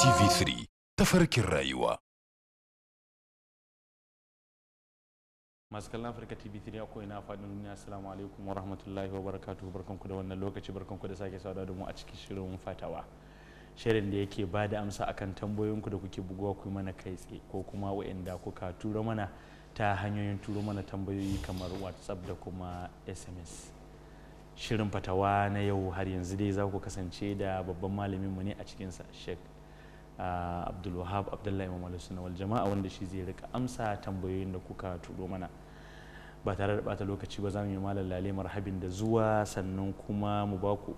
تي 3 تفرك الرayuwa masu kallon afirka tv 3 a ko'ina faɗin duniya assalamu alaikum wa rahmatullahi wa barakatuhu barkanku da wannan lokaci barkanku da sake sauda da mu a cikin shirin fatawa shirin da yake ba da amsa akan tambayoyinku da kuke buguwa ku mana kai tsaye ko kuma wa'inda kuka tura mana ta hanyoyin turo mana tambayoyi kamar whatsapp da kuma sms shirin fatawa na yau har yanzu dai za ku kasance da babban malamin mu ne a cikinsa sheikh Uh, abdulwahab abdullahi imam al na wal jama'a wanda shi zai rika amsa tambayoyin da kuka turo mana ba tare da bata lokaci ba za mu yi malam lale marhabin da zuwa sannan kuma mu ba ku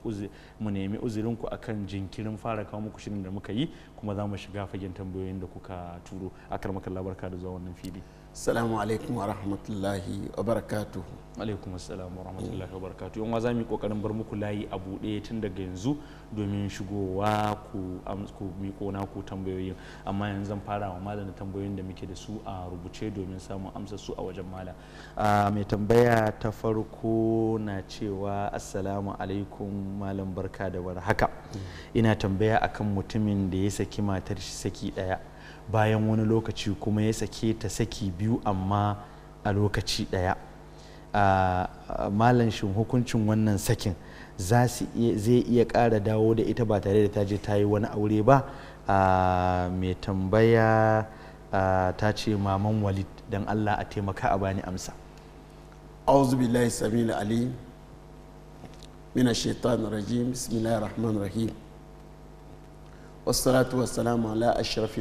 mu nemi uzurin ku akan jinkirin fara kawo muku shirin da muka yi kuma za mu shiga fagen tambayoyin da kuka turo akar maka labarka da zuwa wannan fili Salamu alaikum wa rahmatullahi wa barakatuhu. Alaikum assalam wa rahmatullahi wa barakatuhu. Yan za mu yi kokarin bar muku layi a buɗe tun daga yanzu domin shigowa ku ku miƙo na ku tambayoyin. Amma yanzu zan fara wa malam da tambayoyin da muke da su a rubuce domin samun amsa su a wajen malam. mai tambaya ta farko na cewa assalamu alaikum malam barka da haka. Ina tambaya akan mutumin da ya saki matar shi saki ɗaya. bayan wani lokaci kuma ya sake ta saki biyu amma a lokaci ɗaya malan shi hukuncin wannan sakin zai iya ƙara dawo da ita ba tare da ta je ta yi wani aure ba mai tambaya ta ce maman walid don allah a taimaka a bani amsa أعوذ sami السميع العليم shaitan rajim الرجيم والصلاة والسلام على أشرف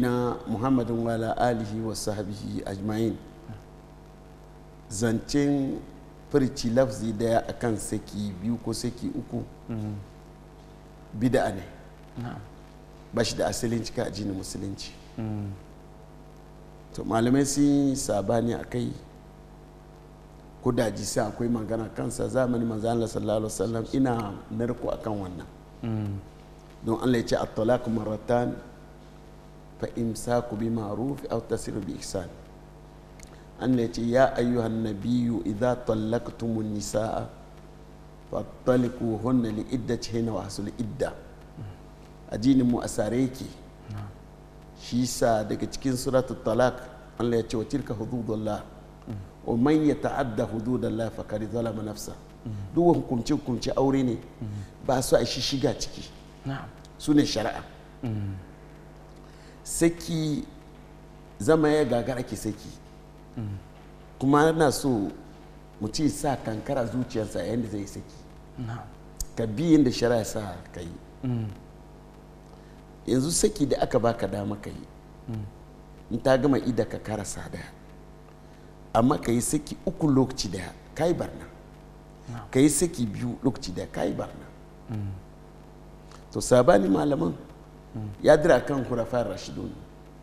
na muhammadin wala alihi wa وصحبه أجمعين zancen furci lafzi daya akan saki biyu ko saki uku bida'a ne ba shi da asalin cika ajinin musulunci to malamai sun yi sabani a kai kudaji sa akwai magana kansa zamani manzo sallallahu alaihi ina narko akan wannan don Allah ya ce at-talaq marratan fa ku bi ma'ruf au tasrihu bi ihsan Allah ya ce ya ayyuhan nabiyyu idza talaqtumun nisaa hunna li iddatihinna wa hasul idda ajinin mu asare yake shi sa daga cikin suratul talaq Allah ya ce wa tilka hududullah wa man yata'adda hududallah faqad zalama nafsahu duk hukunce hukunce aure ne ba su a shi shiga ciki su ne shari'a saki zama ya gagara ke saki kuma na so mu sa kankara zuciyarsa yadda zai saki ka bi yadda shari'a sa ka yi mm. yanzu saki da aka baka dama ka yi mm. in ta gama ida ka da daya amma ka yi saki uku lokaci daya ka yi barna ka yi saki biyu lokaci da ka yi barna to sabani malaman ya dira kan kurafar rashidu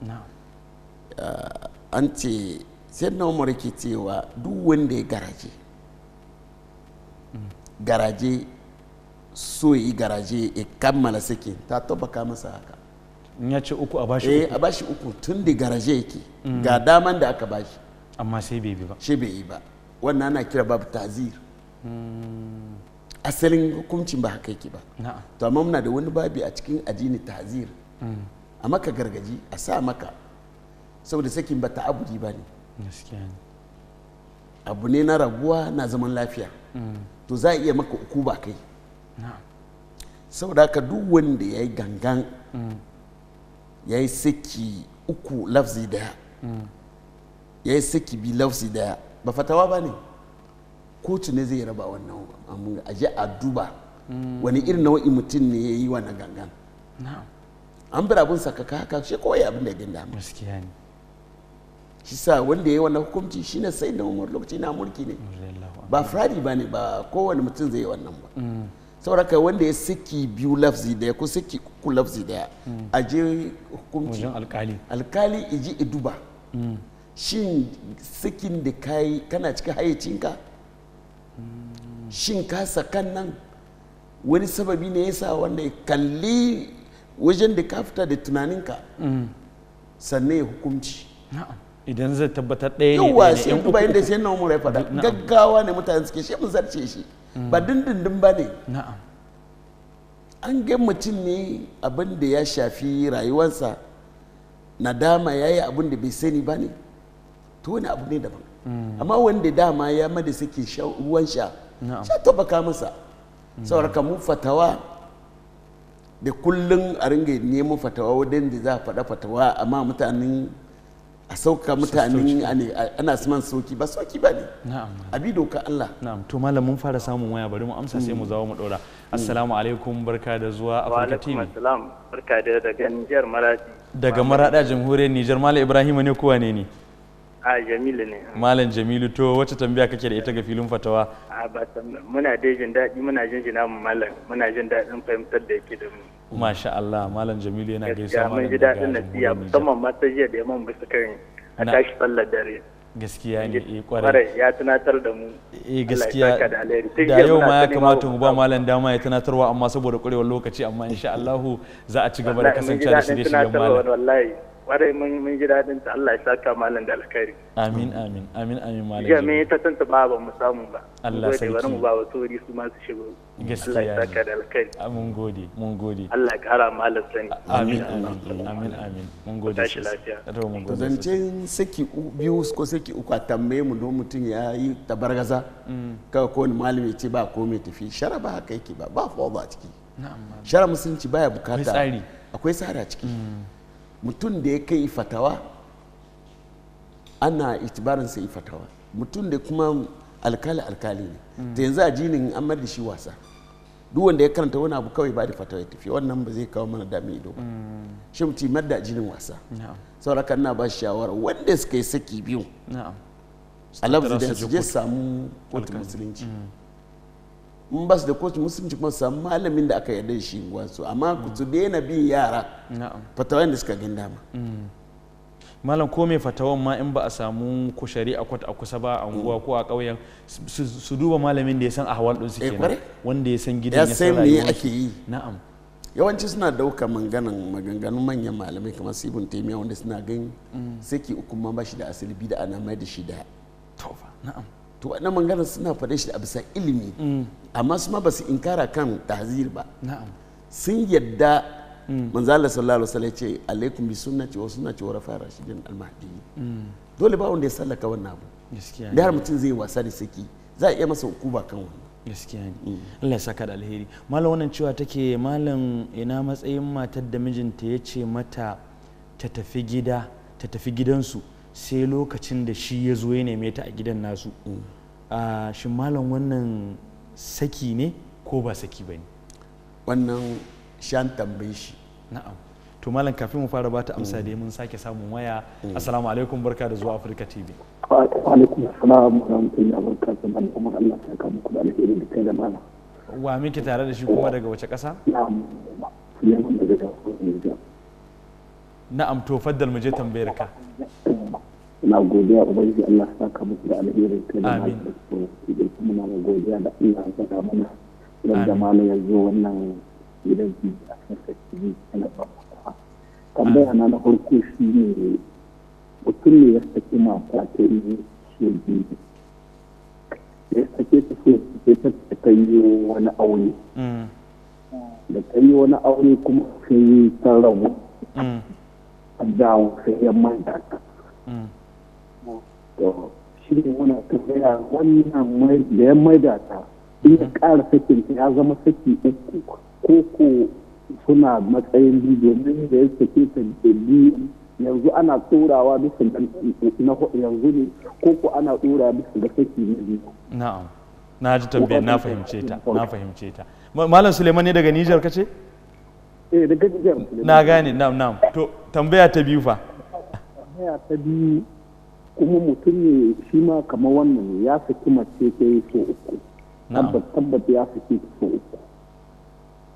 eh, an ce sai na umar ke cewa duk wanda ya garaje garaje so yi garaje ya kammala sake ta tabbaka masa haka ya ce uku a bashi eh, uku a bashi uku tun da garaje yake mm. ga daman da aka bashi amma sai bai bi ba sai bai yi ba wannan ana kira babu tazir asalin hukuncin ba haka yake ba to amma muna da wani babi a cikin ajini tazir mm. a maka gargaji a sa maka saboda sakin ba abudi ba ne abu ne na rabuwa na zaman lafiya mm. to za a iya maka uku ba kai saboda haka duk wanda ya yi gangan mm. ya yi saki uku lafzi daya ya yi saki bi lafzi daya ba fatawa ba ne kotu ne zai raba wannan amma a je a duba wani irin nau'in mutum ne ya yi wannan gangan an bi abin sakaka haka shi kawai abin da ya ganda gaskiya ne shi sa wanda ya yi wannan hukunci shine sai da umar lokaci na mulki ne ba fradi ba ne ba kowane mutum zai yi wannan ba mm. sauraka wanda ya saki biyu lafzi daya ko saki uku lafzi daya mm. a je hukunci alkali alkali iji iduba mm. shin sakin da kai kana cikin hayyacinka shin ka sakan nan wani sababi ne ya sa wanda ya kalli wajen da ka fita da tunaninka mm. sannan ya hukunci idan zai tabbatar ɗaya ne yawa sai in bayan da sai nan umar ya faɗa gaggawa ne mutane suke shi mun zarce shi mm. ba dindindin ba ne an ga mutum ne abin da ya shafi rayuwarsa nadama ya yi abin da bai sani ba ne to wani abu ne daban Mm. amma wanda dama ya mada suke ruwan sha sha tabbaka masa mm. sauraka mu fatawa da kullum a ringa nemo fatawa wadanda za a faɗa fatawa amma mutanen a sauka mutane ana man sauki ba sauki ba ne abi doka Allah na'am to malam mun fara samun waya bari mu amsa sai mu mm. zawo mu dora assalamu alaikum barka da zuwa afirka TV wa alaikum assalam barka da daga Niger daga maraɗa jamhuriyar Niger malam Ibrahim ne kuwa ne ne a jamilu ne malam jamilu to wacce tambaya kake da ita ga filin fatawa a ba muna dai jin daɗi muna jin jina mu malam muna jin daɗin fahimtar da yake da mu masha Allah malam jamilu yana gaisa malam mun ji daɗin nasiya musamman ma ta jiya da yamma bisa kan a tashi sallar dare gaskiya ne eh kwarai ya tunatar da mu eh gaskiya da yau ma ya kamata mu ba malam dama ya tunatarwa amma saboda kurewar lokaci amma insha Allah za a ci gaba da kasancewa da shirye-shiryen malam wallahi kwarai mun ji daɗin ta Allah ya saka malam da alkhairi amin amin amin amin malam jiya ta tanta ba ba mu samu ba Allah sai bari mu ba wa tori su ma su shigo gaskiya Allah ya saka da alkhairi ah, mun gode mun gode Allah ya kara malam sani ah, amin amin amin amin mun gode shi to mun gode zance saki biyu ko saki uku a tambaye mu don mutum ya yi tabargaza mm. ka ko wani ya ce ba komai tafi shara ba haka yake ba ba fawda ba ciki shara musulunci baya bukata akwai tsari a ciki mm. mutum da ya kai fatawa ana itibarinsa yi fatawa mutum da kuma alkali alkali ne ta yanzu a jinin an mar da shi wasa duk wanda ya karanta wani abu kawai ba da fatawa ya tafi wannan ba zai kawo mana dami ido ba mm. shi mutum mar da jinin wasa sauraka na ba shawara wanda suka yi saki biyu a da su je samu kotun musulunci mm. in ba su da kotu musulunci kuma su malamin da aka yarda shi gwansu amma ku su mm. daina bin yara fatawa da suka ganda dama mm. malam ko mai fatawan ma in ba a samu kushari a kwata a kusa ba a unguwa mm. ko a ƙauyen su duba malamin da ya san ahwal din su eh, kenan wanda ya san gidan ya san me ake yi na'am yawanci suna dauka manganan maganganun manyan malamai kamar su ibn taymiya wanda suna gan ki uku ma bashi da asali bi da ana mai da shi da taufa na'am to wannan maganar suna faɗe shi a bisa ilimi amma su ma ba su inkara kan tahzir ba sun yadda mm. manzala sallallahu alaihi wasallam ce alaikum bi sunnati wa sunnati wa rafa rashidin al-mahdi mm. dole ba wanda ya sallaka wannan abu da har mutum zai wasa da saki za a iya masa hukuma kan wannan gaskiya ne mm. Allah ya saka da alheri malam wannan cewa take malam ina matsayin matar da mijinta ya ce mata ta tafi gida ta tafi gidansu sai lokacin da shi ya zo ya neme ta a gidan nasu ah, shin malam wannan saki ne ko ba saki ba ne wannan shan tambayi shi na'am to malam kafin mu fara bata amsa da mun sake samun waya mm. assalamu alaikum barka da zuwa afirka tv wa alaikum assalam wa rahmatullahi wa barakatuh kuma Allah ya kama ku da alheri da kai da mana. wa miki tare da shi kuma daga wace kasa na'am to faddal mu je tambayar ka na godiya ubangiji Allah ya saka muku da alherin kai da malamin da kuma na godiya da Allah ya saka mana yadda malam ya zo wannan gidan ji a kan kashi yana ba tambaya na na farko shi ne mutum ne ya saki mata ta yi shi biyu ya sake ta so sai ta ta yi wani aure mm. da ta yi wani aure kuma sai ta rabu mm. a dawo sai ya manta ta mm. to shi ne muna tambaya wannan mai da ya maida ta in ya ƙara sakin ya zama saki uku ko ko suna matsayin biyu domin da ya sake ta da biyu yanzu ana tsorawa bisa na yanzu ne ko ko ana tsora bisa ga saki na biyu na'am na ji tambayar na fahimce ta na fahimce ta malam suleiman ne daga nijar kace eh daga nijar na gane na'am na'am to tambaya ta biyu fa tambaya ta biyu kuma mutum ne shi ma kamar wannan ya saki mace ta yi so uku tabbat tabbas ya saki ta so uku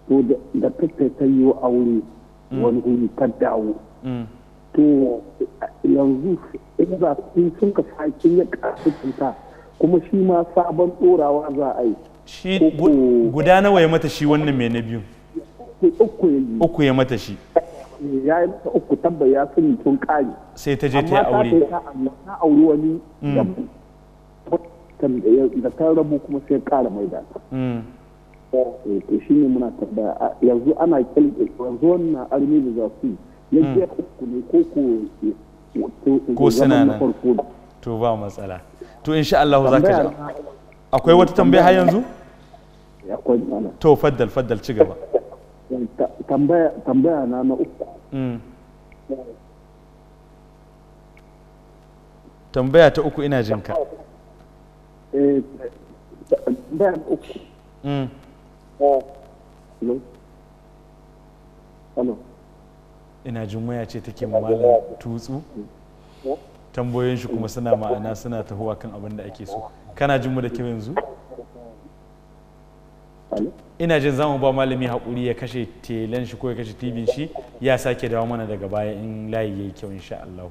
to da ta ta yi wa aure mm. wani guri ta dawo mm. to yanzu in za su sun ka saki ya kasutunta kuma shi ma sabon ɗorawa za a yi shi guda nawa ya mata shi wannan mai na biyu uku ya mata shi ya yi ta uku tambaya ya sun sun kare sai ta je ta yi aure amma ta aure wani mm. da ta rabu kuma sai kara mai da mm. to shi ne muna tabbaya yanzu ana kyalke yanzu wannan armi da za su mm. ya je uku ne ko ko ko suna nan to ba matsala to insha Allah za ka ji akwai wata tambaya har yanzu to faddal faddal ci gaba tambaya na na uku mm. tambaya ta uku ina jinka eh, eh, tambaya na uku mm. ina jin waya ce take malam tutsu tambayoyin shi kuma suna ma'ana suna tahowa kan abin da ake so kana jin mu da kyau yanzu ina jin mu ba malami hakuri ya kashe telan shi ko ya kashe tibin shi ya sake dawo mana daga baya in layi yayi kyau insha Allah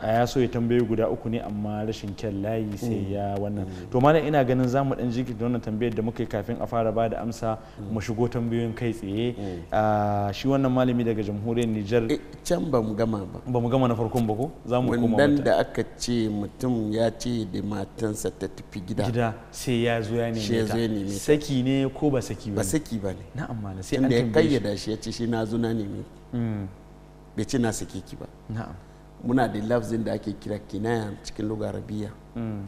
a ya so ya tambaye guda uku ne amma rashin kyan layi sai mm. ya wannan mm. to mana ina ganin za mu dan jinkirta wannan tambayar da muka yi kafin a fara bada amsa mm. mu shigo tambayoyin kai tsaye shi wannan malami daga jamhuriyar Nijar eh, can ba mu gama ba ba mu gama na farkon ba ko za mu koma wannan da aka ce mutum ya ce da matansa ta tafi gida gida sai ya zo ya neme ta saki ne ko ba saki ba ba saki ba ne na amma sai an tambaye shi ya kayyada shi ya ce shi na zo na neme bai ce na sake ki ba na'am muna da lafzin da ake kira kinaya cikin lugarabiya mm.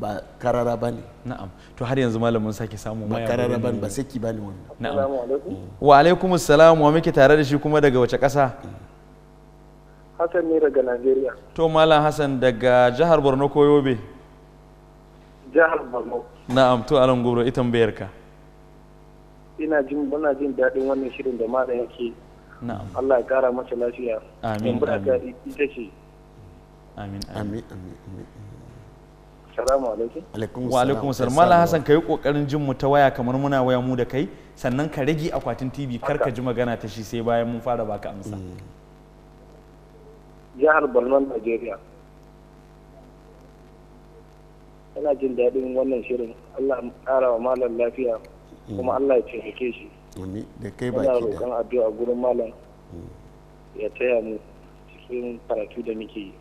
ba karara ba ne na'am to har yanzu malamin sake samu ba karara ba ba saki ba ne wannan na'am mm. wa alaikum assalam wa muke tare da shi kuma daga wace ƙasa mm. Hassan ne daga Najeriya to malam Hassan daga jihar Borno ko Yobe jihar Borno na'am to alan gobro ita bayar ka ina jin muna jin daɗin wannan shirin da malam yake Allah ya kara masa lafiya amin amin ita ce amin amin amin Salamu alaikum. Wa alaikum salam. Mala Hassan ka yi kokarin jin mu ta waya kamar muna waya mu da kai sannan ka rage akwatin TV kar ka ji magana ta shi sai bayan mun fara baka amsa. Jihar mm. Borno Najeriya. Ina jin daɗin wannan shirin. Allah ya ƙara wa malam lafiya kuma mm. Allah ya taimake shi. wani da kai baki da Ina roƙon addu'a gurin malam hmm. ya taya mu cikin karatu da muke yi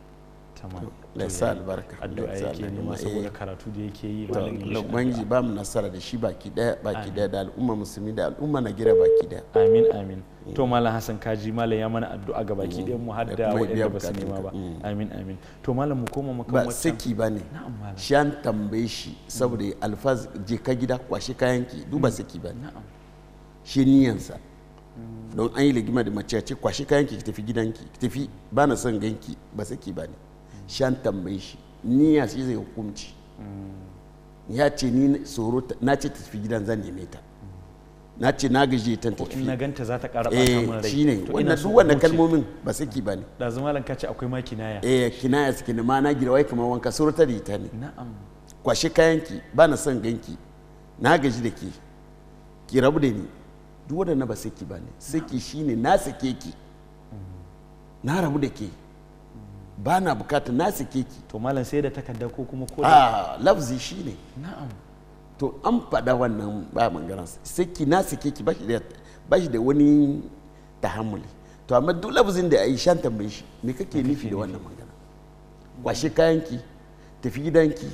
laisa albarka addu'a yake nema eh. saboda karatu da yake yi ba malamin ubangiji ba mu nasara da shi baki daya baki daya da al'umma musulmi da al'umma na gira baki daya amin amin hmm. to malam hassan kaji malam ya mana addu'a ga baki daya hmm. mu har wa inda ba su nema ba amin amin to malam mu koma maka ba saki ba ne shi an tambaye shi saboda alfaz je ka gida kwashe kayanki duba saki ba ne shi niyansa don an yi ligima da mace ce kwashe kayan ki tafi gidanki ki tafi ba na son ganki ba saki ba ne an tambayi shi niyya shi zai hukunci ya ce ni tsoro na ce tafi gidan zan neme ta na ce na gaje ta tafi na ganta za ta ba ta eh, mun rai ne wannan duk wannan kalmomin ba saki ba ne da zuma lan kace akwai ma kinaya eh kinaya suke ne ma na gira wai kamar wanka tsoro ta ita ne na'am kwashe kayanki ba na son ganki na gaji da ke ki rabu da ni duk waɗannan ba saki ba ne saki ne na sake ki na rabu da ke ba na bukata na sake ki to malam sai da takarda ko kuma ko a ah, lafzi shi na'am to an faɗa wannan ba mangaran saki na sake ki ba shi da wani ta da wani tahammuli to amma duk lafzin da ayi shan tambaye shi me kake nufi da wannan magana kwashe kayanki tafi gidanki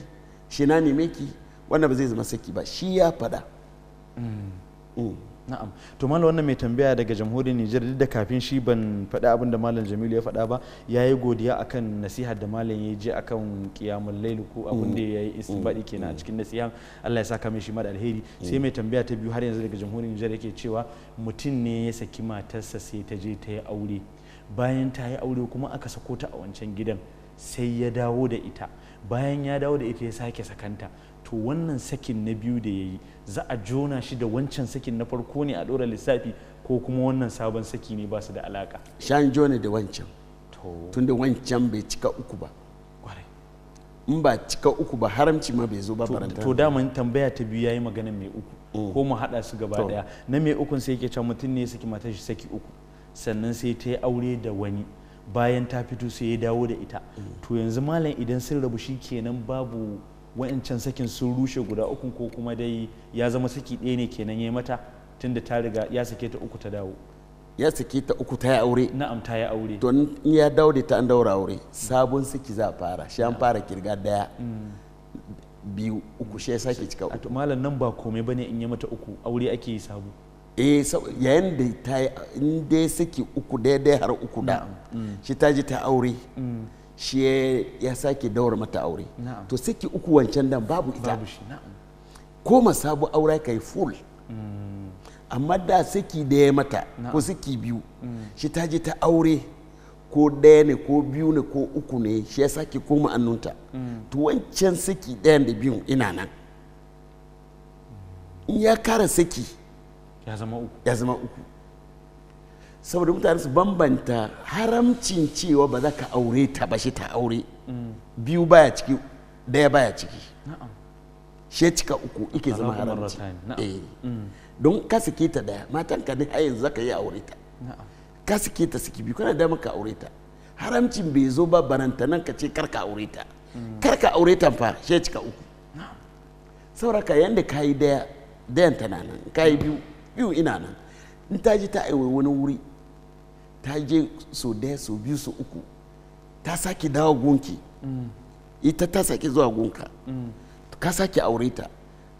shi na neme ki wannan ba zai zama saki ba shi ya faɗa mm. Mm. na'am to mala wannan mai tambaya daga jamhuriyar Nijar duk da kafin shi ban faɗi abin da malam Jamilu ya faɗa ba ya yi godiya akan nasihar da malam ya je akan kiyamun laili ko abin da mm. yi istinbadi kenan a mm. cikin nasihan Allah ya saka mai shi mada alheri mm. sai mai tambaya ta biyu har yanzu daga jamhuriyar Nijar yake cewa mutum ne ya saki matarsa sai ta je ta yi aure bayan ta yi aure kuma aka sako ta a wancan gidan sai ya dawo da ita bayan ya dawo da ita ya sake sakanta to wannan sakin na biyu da ya yi za a jona shi da wancan sakin na farko ne a ɗora lissafi ko kuma wannan sabon saki ne ba su da alaka shan jona da wancan tun da wancan bai cika uku ba in ba cika uku ba haramci ma bai zo ba faranta to daman tambaya ta biyu ya yi magana mai uku mm. ko mu hada su gaba daya na mai ukun sai yake can mutum ne saki mata shi saki uku sannan sai ta yi aure da wani bayan ta fito sai ya dawo da ita mm. to yanzu malam idan sun rabu shi kenan babu wa'ancan sakin sun rushe guda ukun ko kuma dai ya zama saki ɗaya ne kenan ya mata tunda ta riga ya sake ta uku ta dawo ya sake ta uku ta yi aure na'am ta yi aure to in ya dawo da ta an daura aure sabon saki za a fara shi an fara kirga daya mm. biyu uku shi ya sake cika uku malam nan ba komai bane in ya mata uku aure ake yi sabo eh yayin da ta in dai saki uku daidai har uku da mm. shi ta ji ta aure mm. shi ya sake dawar mata aure to saki uku wancan dan babu ita koma sabu aure kai full mm. amma da saki daya mata ko saki biyu mm. shi ta je ta aure ko daya ne ko biyu ne ko uku ne shi ya sake koma annunta mm. to wancan saki dayan da biyu ina nan in ya kara saki ya zama uku saboda mutane su bambanta haramcin cewa ba za ka aure ta ba shi ta aure biyu baya ciki daya baya ciki shi cika uku ike zama haramci eh. mm. don ka suke ta daya matan ka ne har za ka yi aure ta ka suke ta suke biyu kana dama ka aure ta haramcin bai zo ba nan ka ce karka aure ta mm. karka aure ta fa shi cika uku sauraka yadda ka yi daya dayan tana nan ka yi biyu biyu ina nan in ta ji ta aiwai wani wuri ta je so daya so biyu so uku ta sake dawo gunki ita ta sake zuwa gunka ka sake aure ta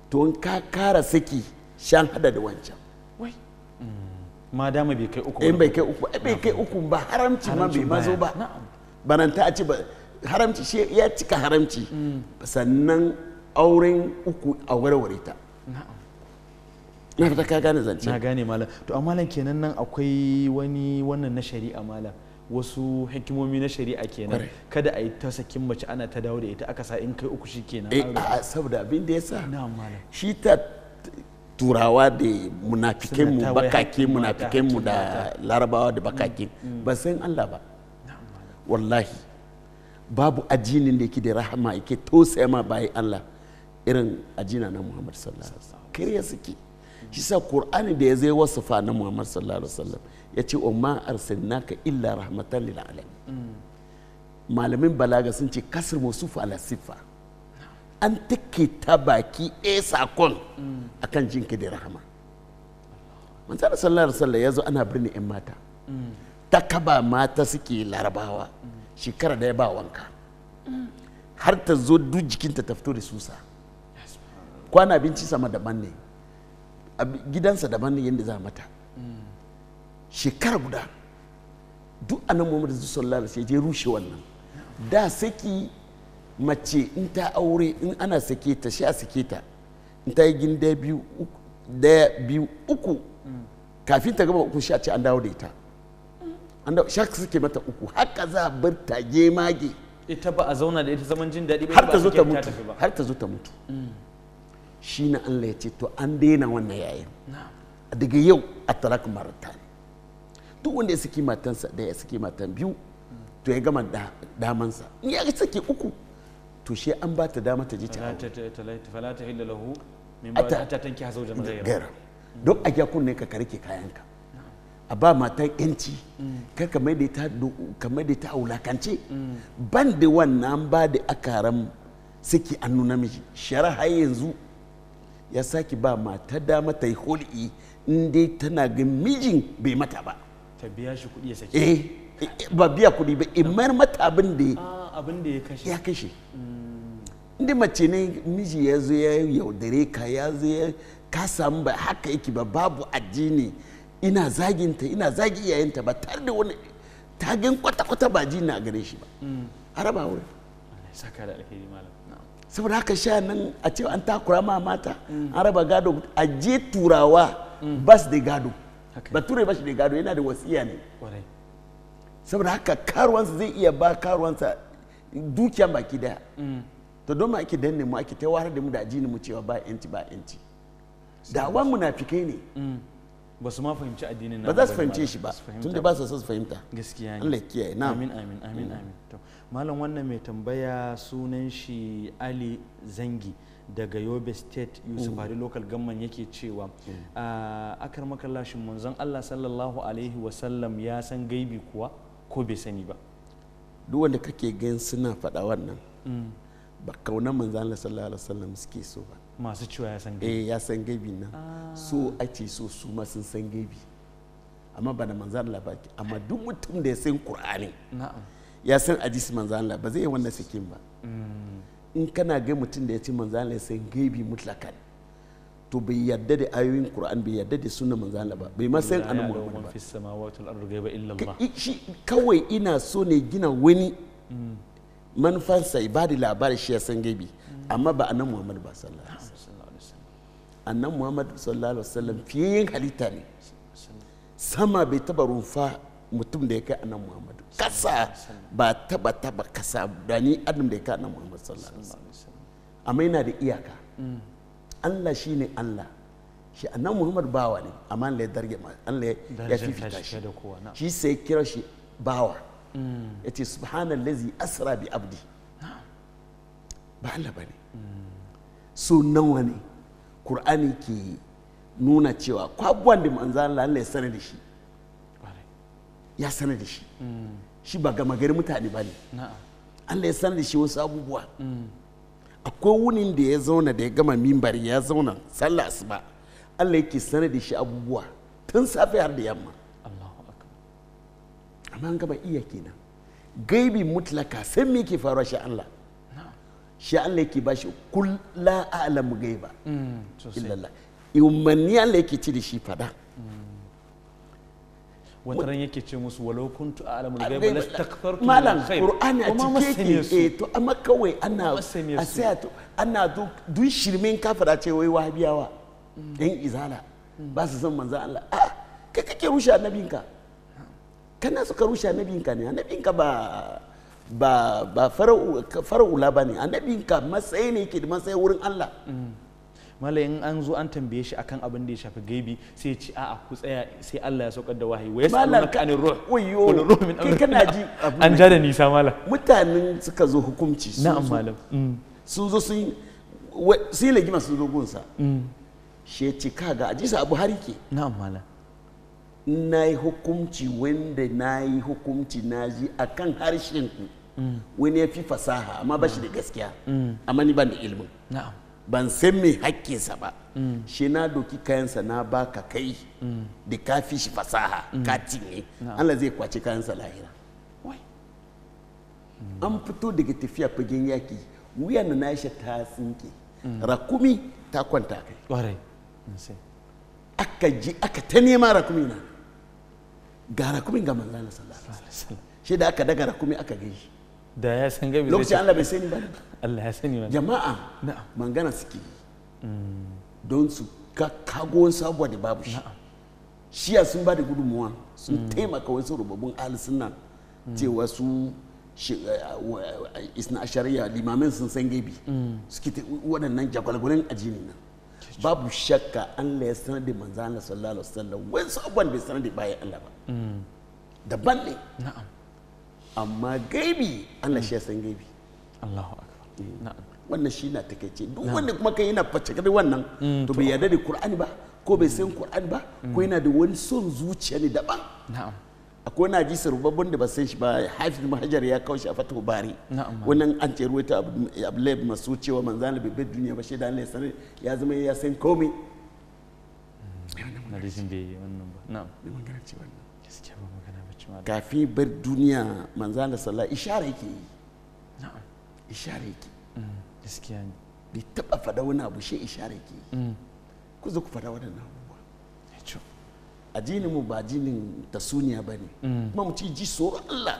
to in ka kara saki shan hada da wancan ma dama bai kai uku eh, bai kai uku eh, bai kai uku ba haramci ma bai mazo ba baranta a ce ba haramci shi ya cika haramci mm. sannan auren uku a warware ta na'am na fata ka gane zance na gane malam to a malam kenan nan akwai wani wannan na shari'a malam wasu hikimomi na shari'a kenan kada a yi ta sakin mace ana ta dawo da ita aka sa in kai uku shi kenan eh, saboda abin da ya sa shi ta turawa da munafikin mu bakake munafikin mu da larabawa da mm, bakake mm. ba san Allah ba wallahi babu ajinin da yake da rahama yake tausaya ma bai Allah irin ajina na Muhammad sallallahu alaihi wasallam kariya suke shi sa qur'ani da ya zai wasafa na muhammad sallallahu alaihi wasallam ya ce o ma arsalnaka illa rahmatan lil alamin malamin balaga sun ce kasar musuf ala sifa an take ta baki a sakon akan jinka da rahama manzara sallallahu alaihi wasallam ya zo ana birni yan mata ta kaba mata suke larabawa shekara da ya ba wanka har ta zo duk jikinta ta fito da susa kwana abinci sama da ne gidansa daban ne yadda za mata shekara guda duk anan muhammadu sallallahu alaihi je rushe wannan da saki mace in ta aure in ana sake ta sha sake ta in ta yi ginda biyu daya biyu uku kafin ta gama uku sha ce an dawo da ita an dawo sha suke mata uku haka za a bar ta je mage ita ba a zauna da ita zaman jin daɗi ba har ta zo ta mutu har ta zo ta mutu mm. shi na Allah ya ce to an daina wannan yayin daga yau a talak marata duk wanda ya saki matansa da ya saki matan biyu to ya gama damansa in ya saki uku to shi an ba ta dama ta je ta falata hilla ta ta ta ta ta ta ta ta ta a ka kayanka a ba matan yanci mm. kar ka ta da ta wulakance mm. ban da wannan ba da saki annu namiji shara har yanzu ya sake ba mata dama ta yi hul'i in dai tana ga mijin bai mata ba ta biya shi kuɗi ya sake eh, eh ba biya kuɗi ba imar ah. mata abin da ah, abin da ya kashe hmm. inda mace ne miji ya zo ya yaudare ka ya zo ya ka samu ba haka yake ba babu addini ina zaginta ina zagi iyayenta ba tare da wani tagin kwata-kwata ba ji na gare shi ba haraba hmm. wurin saka da alheri malam saboda haka sha nan a ce an takura ma mata an raba gado a je turawa ba su da gado bature ba shi da gado yana da wasiya ne saboda haka karuwansa zai iya ba karuwansa dukiyan baki daya mm. to don ma ake danne mu ake ta wahar da mu da ajini mu cewa ba yanci ba yanci da wani munafikai ne mm. ba su ma fahimci addinin na ba za su fahimce shi ba da ba su so su fahimta gaskiya ne Allah kiyaye na amin amin amin mm. amin malam wannan mai tambaya sunan shi ali zangi daga yobe state yusuf mm. ali local gamman yake cewa mm. a ah, akar makallashin manzon allah sallallahu alaihi wasallam ya san gaibi kuwa ko bai sani ba duk wanda kake gan suna faɗa wannan mm. ba kaunar manzon allah sallallahu alaihi wasallam suke so ba masu cewa ya san gaibi eh, ya san gaibi nan ah. so ake so su ma sun san gaibi amma ba da manzon allah ba amma duk mutum da ya san qur'ani na'am ya san hadisi manzan Allah ba zai yi wannan sakin ba in kana ga mutum da ya ce manzan Allah sai gaibi mutlakan to bai yarda da ayoyin Qur'an bai yarda da sunan manzan Allah ba bai ma san annabi mu ba samawati illa Allah shi kawai ina so ne gina wani manufansa da labari shi ya san gaibi amma ba annabi Muhammad ba sallallahu alaihi wasallam annabi Muhammad sallallahu alaihi wasallam fiye yin halitta ne sama bai taba rumfa mutum da ya kai annabi Muhammad kasa ba taba taba kasa da ni adam da ya kana muhammad sallallahu alaihi wasallam amma yana da iyaka Allah shine Allah shi annan muhammad bawa ne amma Allah ya darge ma Allah ya fifita shi shi sai kira shi bawa mm. yace subhanallazi asra bi abdi ba Allah bane so nawa ne qur'ani ke nuna cewa kwabuwan da manzo Allah ya sanar da shi ya sanar da shi shi ba gama gari mutane ba ne Allah ya sanar da shi wasu abubuwa mm. akwai wunin da ya zauna da ya gama mimbari ya zauna sallah ba Allah yake sanar da shi abubuwa tun safe har da yamma amma an gaba iya kenan gaibi mutlaka sai me ke faruwa shi Allah shi Allah yake ba shi kulla la a'lamu gaiba mm, illallah umanni Allah yake ci da shi fada wata ran yake ce musu walau kuntu a'lamul ghaiba lastakfartu malan qur'ani a cike ke eh to amma kawai ana a sai to ana duk shirmin kafara ce wai wahabiyawa dan mm. izala mm. ba su san manzon Allah a ah, kai kake rushe annabinka kana suka rushe annabinka ne annabinka ba ba ba fara'ula bane annabinka matsayi ne yake da matsayi wurin Allah mm. malayin an zo an tambaye shi akan abin da ya shafi gaibi sai ya ci a'a ku tsaya sai Allah ya saukar da wahayi wa yasalunaka anir ruh uyo ruh min amri kana ji an ja da nisa malam mutanen suka zo hukunci na'am malam mm. sun zo sun sai legima sun zo gunsa mm. she ce kaga ajisa abu harike na'am malam na yi hukumci wanda na yi hukumci na ji a kan harshen ku mm. wani ya fi fasaha amma ba shi da gaskiya amma ni ban da ilimin ban san mai hakkinsa ba shi na doki kayansa na baka kai da ka fi shi fasaha ka cinye Allah zai kwace kayansa lahira an fito daga tafiya fagen yaki wuya na nashi ta tsinke rakumi ta kwanta kai aka ji aka ta nema rakumi na ga rakumin ga manzana sallallahu alaihi wasallam shi da aka daga rakumi aka gaishe da ya san gabi lokaci Allah bai sani ba Allah ya sani ba jama'a mangana suke mm. don su kago wani sabuwa da babu shi shiya sun ba da gudunmuwa sun mm. taimaka wasu rubabbun alisunan mm. cewa su eh, eh, isna shari'a limamin sun san gabi suke waɗannan jagwalgwalin ajini nan babu shakka Allah ya sanar da manzana sallallahu alaihi wasallam wani sabuwan bai sanar da bayan Allah ba daban ne na'am amma gaibi Allah shi ya san gaibi Allahu akbar na'am wannan shi na takeice duk wanda kuma kai yana fatakar wannan mm, to bai yarda da Qur'ani ba ko bai san Qur'ani ba mm. ko yana da wani son zuciya ne daban na'am akwai na jisar babban da ba san shi ba hafiz mahajar ya kawo shi a fatu bari wannan an ce ruwaita ablaib masu cewa manzan da bai duniya ba shaidan ne sanar ya zama ya san komai mm, bai yi wannan ba na'am magana ce wannan kafin bar duniya manzan da sallah ishara yake yi ishara yake mm, gaskiya ne bai taba fada wani abu shi ishara yake yi mm. ku zo ku fada waɗannan abubuwa eh, addinin mu ba addinin tasuniya ba ne mm. kuma mu ci ji tsoron Allah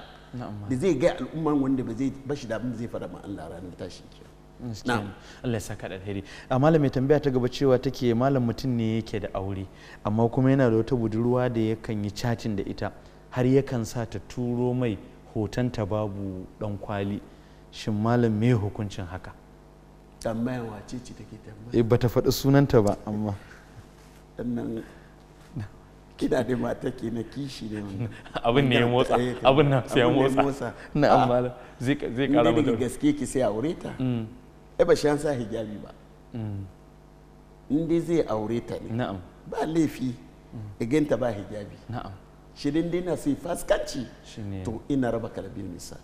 da zai ga al'umma wanda ba zai bashi da abin da zai fada ma Allah ranar tashi kiyama Allah ya saka da alheri a malam mai tambaya ta gaba cewa take malam mutum ne yake da aure amma kuma yana da wata budurwa da yakan yi chatin da ita har yakan sa ta turo mai hotonta babu dan kwali shin malam me hukuncin haka tambayan wace ce take tambaya eh bata faɗi sunanta ba amma nan kina da mata ke na kishi ne eh, abin ne ya motsa abin nan sai ya motsa na amma ah, zai zai kara mata gaske ki sai aure ta mm. eh ba shan sa hijabi ba mm. in dai zai aure ta ne na'am ba laifi iganta mm. ba hijabi na'am shirin dina sai faskanci to ina raba ka da misal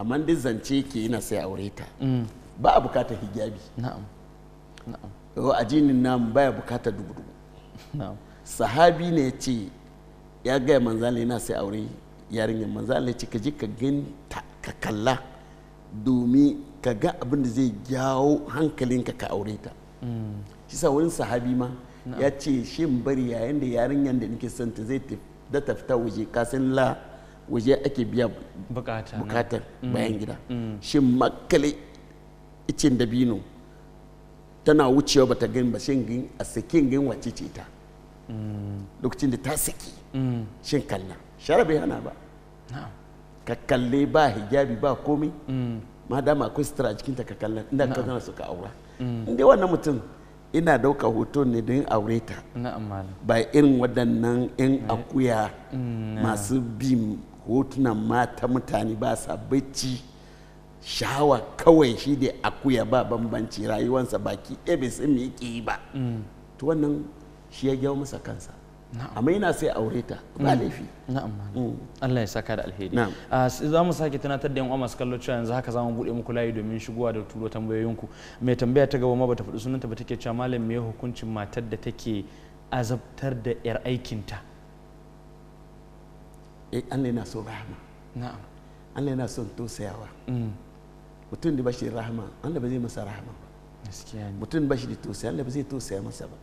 amma dai zance ke ina sai aure ta mm. ba a bukatar hijabi na'am na'am ajinin nam baya bukatar dubu dubu sahabi ne ya ce ya gaya manzala yana sai aure yarinyar manzala ce ka ji ka ganta ka kalla domin ka ga abin da zai jawo hankalinka ka aure ta mm. shi sa wurin sahabi ma ya ce shi bari yayin da yarinyar da nake son ta zai tafi da ta fita waje kasan la waje ake biya bukatar mm. bayan gida mm. mm. shi makale icin dabino tana wucewa bata gani ba gin a sakin gin wace ce ta lokacin da ta saki shin kalla shara bai hana ba ka kalle ba hijabi ba komai ma dama akwai sutura jikinta ka kalla inda ka zana suka aura inda wannan mutum ina dauka hoton ne don aure ta ba irin waɗannan 'yan mm. akuya mm, masu bin hotunan mata mutane ba sa bacci shawa kawai shi da akuya ba bambanci rayuwansa baki ɗaya bai san yi ba mm. to wannan shi ya gyawo masa kansa amma yana sai aure ta ba mm. laifi na'am mm. Allah ya saka da alheri ah, za mu sake tunatar da yan masu kallo cewa yanzu haka za mu bude muku layi domin shigowa da turo tambayoyinku mai tambaya ta gaba ma bata faɗi sunanta ba take cewa malam me hukuncin matar da take azabtar da yar aikinta eh Allah yana so rahama na'am Allah yana son Tosayawa. Mm. mutum da bashi rahama Allah ba zai masa rahama ba mutum bashi da tausaya Allah ba zai tausaya masa ba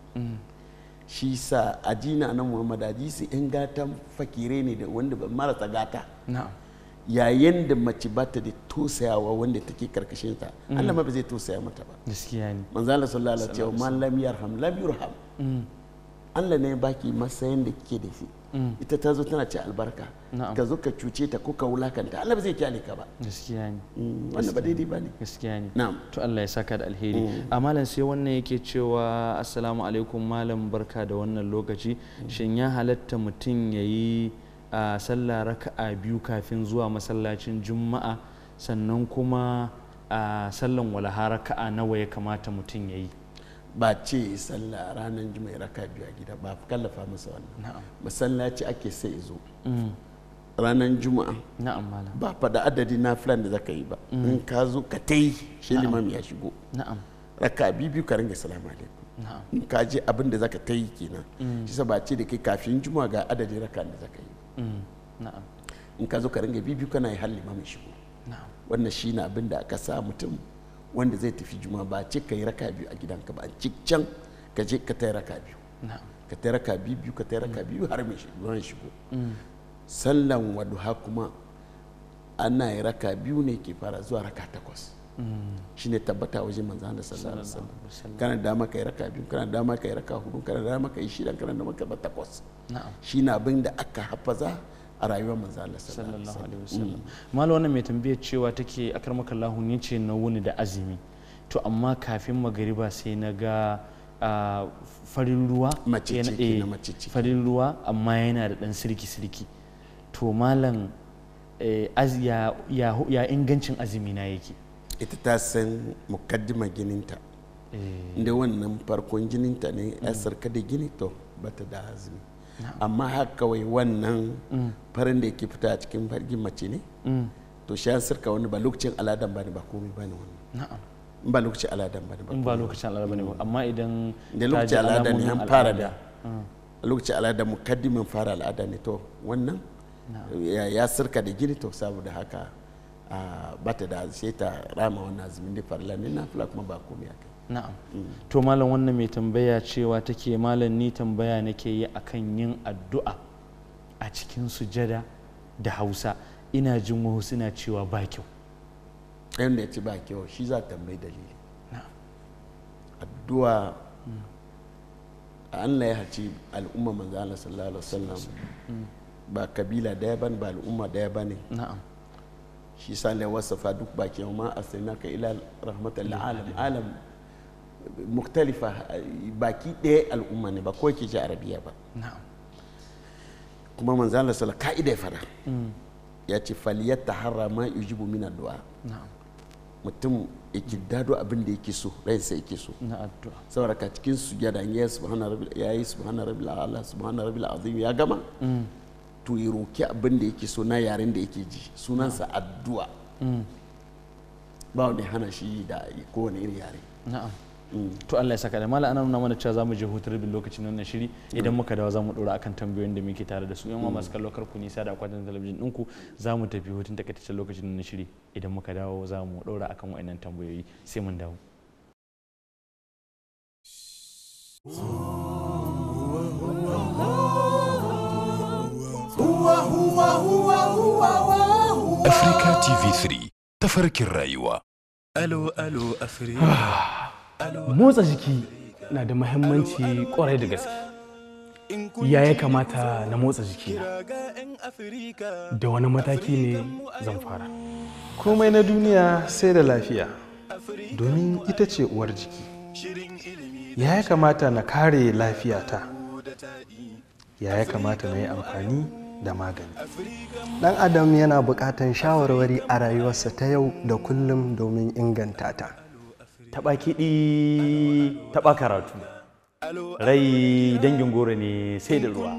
shi sa adina na muhammad hadisi yan gatan fakire ne da wanda marasa gata yayin da mace ba ta da tosayawa wanda take karkashin ta Allah mm. ma ba zai tosaya mata ba gaskiya ne manzo Allah sallallahu alaihi wasallam man lam yarham lam yurham mm. Allah ne baki matsayin da kike da shi mm. ita ta zo tana ce albarka ka zo ka cuce ta ko ka wulakanta Allah ba zai kyale ka ba gaskiya ne mm, wannan ba daidai ba ne gaskiya ne na'am to Allah ya saka da alheri mm. a malam sai wannan yake cewa assalamu alaikum malam barka da wannan lokaci shin ya halatta mutum yayi a sallah raka'a biyu kafin zuwa masallacin juma'a sannan kuma a sallan walaha raka'a nawa ya kamata mutum yayi ba ce sallah ranar juma'a raka biyu a gida ba kallafa masa wannan masallaci ake sai zo mm. ranar juma'a ba faɗa adadi na filan da zaka yi ba mm. in ka zo ka ta yi shi limam ya shigo raka biyu ka ringa salamu alaikum in ka je abin da zaka ta yi kenan mm. shi sa ba ce da kai kafin juma'a ga adadi raka da zaka yi in ka zo ka ringa biyu kana yi har limam ya shigo wannan shi na abin da aka sa mutum wanda zai tafi juma ba ce ka yi raka biyu a gidanka ba ci can ka je ka tai raka biyu ka tai raka biyu biyu ka tai raka biyu har mai ruwan shigo mm. sallan waduha kuma ana yi raka biyu ne ke fara zuwa raka takwas mm. shine tabbata wajen manzan da sallar alaihi wasallam kana dama yi raka biyu kana dama ka yi raka hudu kana dama ka yi shidan, kana dama ka kai takwas Shi na abin da aka hafaza a rayuwar manzo Allah sallallahu alaihi wasallam mallam wannan mai tambayar cewa take Allahu ni ce na wuni da azumi to amma kafin magariba sai na ga farin ruwa eh, farin ruwa amma yana da dan sirki sirki to malam eh, ya ingancin azumi na yake ita ta san mukaddima gininta inda eh. wannan farkon gininta ne ya mm. sarka da gini to bata da azumi amma haka kawai wannan farin da yake fita a cikin fargin mace ne mm. to shi an sirka wani ba lokacin aladan ba ne ba komai ba ne wannan in ba lokacin aladan ba ne ba ba lokacin aladan ba ne amma idan da lokacin aladan ne an fara da mm. lokacin aladan mukaddimin fara al'ada ne to wannan ya sirka da gini to saboda haka ah, ba ta da sai ta rama wannan azumin da farla ne na fila kuma ba komai na'am mm. to malam wannan mai tambaya cewa take malam ni tambaya nake yi akan yin addu'a a cikin sujada da hausa ina jin wahu suna cewa ba kyau ɗayan da ya ce ba kyau shi za mai dalili addu'a mm. Allah ya haci al'umma manzo Allah sallallahu alaihi wasallam mm. ba kabila daya ne ba al'umma daya ne na'am shi sa la wasafa duk kyau ma naka ila rahmatan alam alam muktalifa baki ɗaya al'umma ne ba ko ke ji arabiya ba kuma manzo Allah sallallahu ka'ida ya fara. Mm. ya ce faliyatta harama yujibu min addu'a mutum yake dado abin da yake so rai sai yake so saboda ka cikin sujada ya subhana rabbil ya yi subhana rabbil ala subhana rabbil azim ya gama mm. to yi roki abin da yake so na yaren da yake ji sunansa addu'a mm. ba wanda hana shi da kowane irin yare to Allah ya saka da mala ana nuna mana cewa zamu je hutar bin lokacin wannan shiri idan muka dawo zamu dora akan tambayoyin da muke tare da su yan masu kallo kar ku nisa da akwatin talabijin ɗinku zamu tafi hutun takaitaccen lokacin wannan shiri idan muka dawo zamu dora akan wa'annan tambayoyi sai mun dawo Africa TV3 tafarkin rayuwa Alo Alo motsa jiki na da muhimmanci kwarai da gaske ya ya kamata na motsa jiki da wani mataki ne zan fara komai na duniya sai da lafiya domin ita ce uwar jiki ya ya kamata na kare lafiyata ya ya kamata na yi amfani da magani dan adam yana bukatan shawarwari a rayuwarsa ta yau da kullum domin inganta ta taba kiɗi taɓa karatu rai dangin goro ne sai da ruwa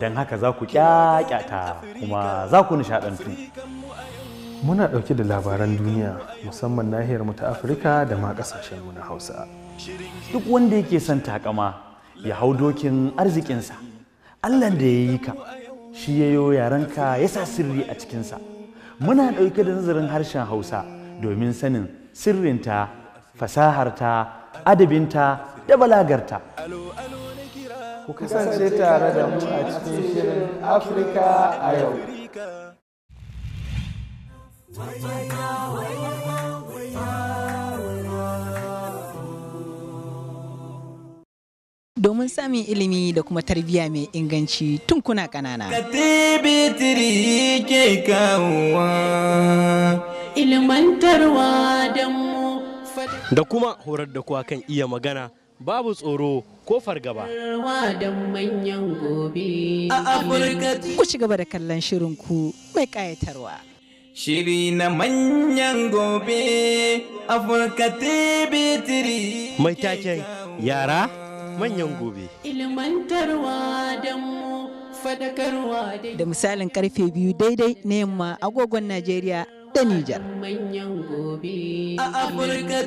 don haka za ku kyakyata kuma za ku nishaɗantu muna ɗauke da labaran duniya musamman nahiyar mu ta afirka da ma ƙasashen mu na hausa duk wanda yake son takama ya hau dokin arzikinsa allan da ya yi ka shi yayo yarenka ya sa sirri a cikinsa muna ɗauke da nazarin harshen hausa domin sanin sirrinta fasaharta adabinta da balagarta ku kasance tare da mu a cikin shirin afirka a yau domin samun ilimi da kuma tarbiyya mai inganci tun kuna ƙanana. Katibitiri ke kawowa, ilmantarwa mu. da kuma horar da kuwa kan iya magana babu tsoro ko fargaba. Ku ci gaba da kallon shirinku mai ƙayatarwa. Shiri na manyan gobe Afirka tibitiri. Mai taken yara manyan gobe. Ilmantarwa da mu fadakarwa da misalin karfe biyu daidai na yamma agogon Najeriya da Nijar. A Afirka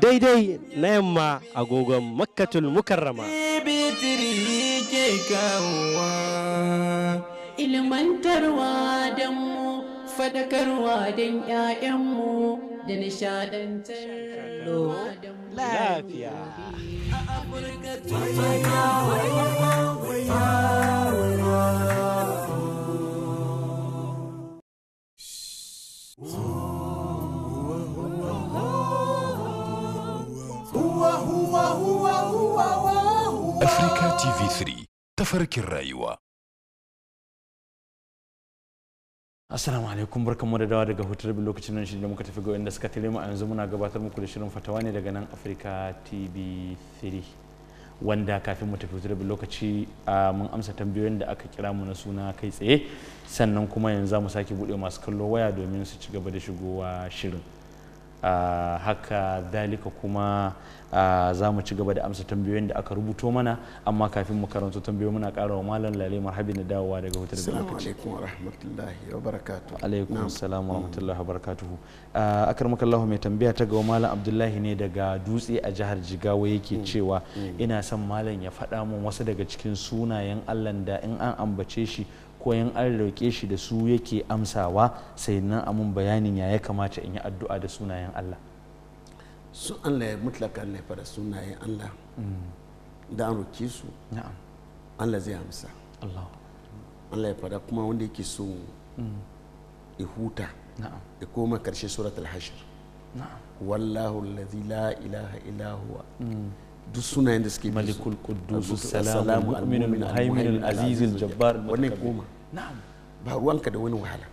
Daidai na yamma agogon Makkatul Mukarrama. Ilmantarwa da mu fadakarwa don 'ya'yanmu da nishadantar lafiya. Africa TV3 تفرك الرأيوة Assalamu alaikum barkanmu da dawa daga hotar bin lokacin nan shirin da muka tafi ga da suka tele mu a yanzu muna gabatar muku da shirin fatawa ne daga nan Africa TV 3 wanda kafin mu tafi hotar bin lokaci mun amsa tambayoyin da aka kira mu na suna kai tsaye sannan kuma yanzu za mu sake buɗe masu kallo waya domin su ci gaba da shigowa shirin haka dalika kuma za mu ci gaba da amsa tambayoyin da aka rubuto mana amma kafin mu karanto tambayoyi muna ƙara wa malam lale marhabi na dawowa daga hutar da lokaci alaikum wa rahmatullahi wa barakatuhu alaikum salam wa rahmatullahi mai tambaya ta ga malam Abdullahi ne daga dutse a jihar Jigawa yake mm. cewa mm. ina son malam ya faɗa mun wasu daga cikin sunayen Allah da in an ambace shi ko yan an roƙe shi da su yake amsawa sai nan amun bayanin ya ya kamata in yi addu'a da sunayen Allah su allah ya mutlaka allah ya fara sunayen allah da an roke su allah zai amsa allah ya fara kuma wanda yake so ya huta ya koma karshe surat hashir wallahu alladhi la ilaha illa wa, mm. duk sunayen da suke malikul quddus salamu al-mu'min al-muhaymin jabbar wannan koma na'am ba ruwanka da wani wahala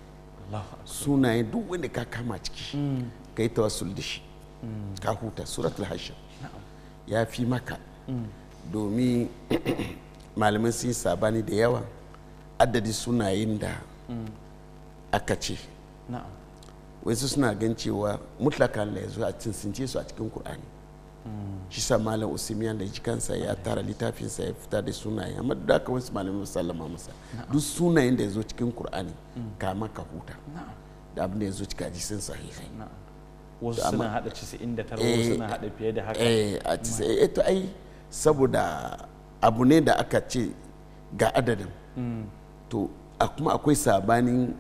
sunaye duk wanda ka kama ciki mm. kai tawassul da shi ka huta suratul hashir ya fi maka domin malamin sun sabani da yawa adadi sunayen da aka ce wasu suna gan cewa mutlaka Allah ya zo a cinsince su a cikin Kur'ani shi sa malam Usmiyan da jikansa ya tara littafinsa ya fita da sunaye amma da aka wasu malamin sallama masa duk sunayen da ya zo cikin Kur'ani kama ka huta da abin da ya zo cikin hadisin sahihai wasu suna hada 99 wasu eh, suna hada fiye da haka eh a 90 eh, to ai saboda abu ne da aka ce ga adadin hmm. to kuma akwai sabanin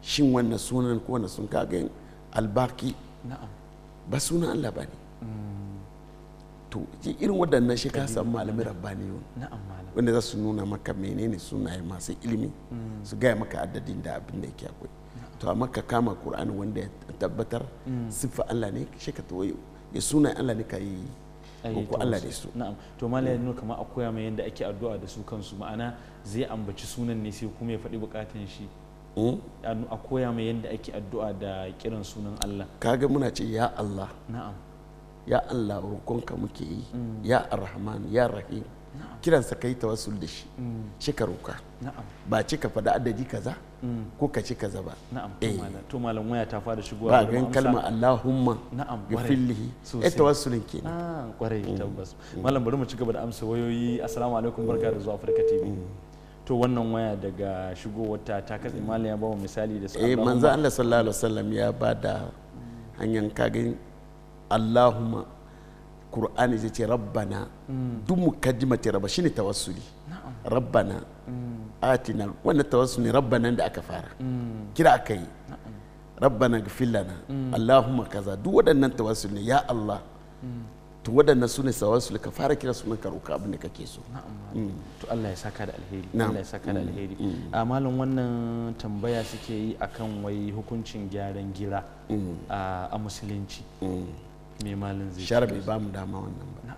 shin wannan sunan ko wannan sun kaga albaki ba sunan Allah ba ne hmm. to irin waɗannan shi ka samu malamai rabbaniyon wanda za su nuna maka menene sunaye masu ilimi hmm. su gaya maka adadin da abin da yake akwai to amma ka kama qur'ani wanda ya tabbatar mm. siffa Allah ne shi ka ya suna Allah ne ka yi ko Allah da su na'am to malai mm. nuna kamar a mai yadda ake addu'a da su kansu ma'ana zai ambaci sunan ne sai kuma ya faɗi bukatun shi mm. a koya mai yadda ake addu'a da kiran sunan Allah kaga muna ce ya Allah ya Allah rukunka muke yi ya Arhaman ya Rahim kiransa ka yi tawassul da shi mm. shi ka roka ba ci ka adadi kaza mm. ko ka ci kaza ba eh. to malam waya ta fara shigowa ba ga kalma Allahumma ga fillihi eh, ai tawassulin kenan kwarai ah, mm. tabbas malam bari mu ci gaba da amsa wayoyi assalamu alaikum barka da zuwa Afirka TV to wannan waya daga shigowar ta ta katse malam ya ba mu misali da su eh manzo Allah sallallahu alaihi wasallam ya ba da hanyar kagin Allahumma qur'ani zai ce rabbana mm. duk mukaddima ta raba shine tawassuli rabbana mm. atina wannan tawassuli rabbana da aka fara mm. kira aka yi rabbana gafir lana allahumma kaza duk waɗannan tawassuli ya allah to waɗannan su ne tawassuli ka fara kira sunan ka roka abin da kake so to Allah ya saka da alheri Allah ya saka da alheri a ah, malam wannan tambaya suke yi akan wai hukuncin gyaran gira ah, a musulunci shara bai ba mu dama wannan ba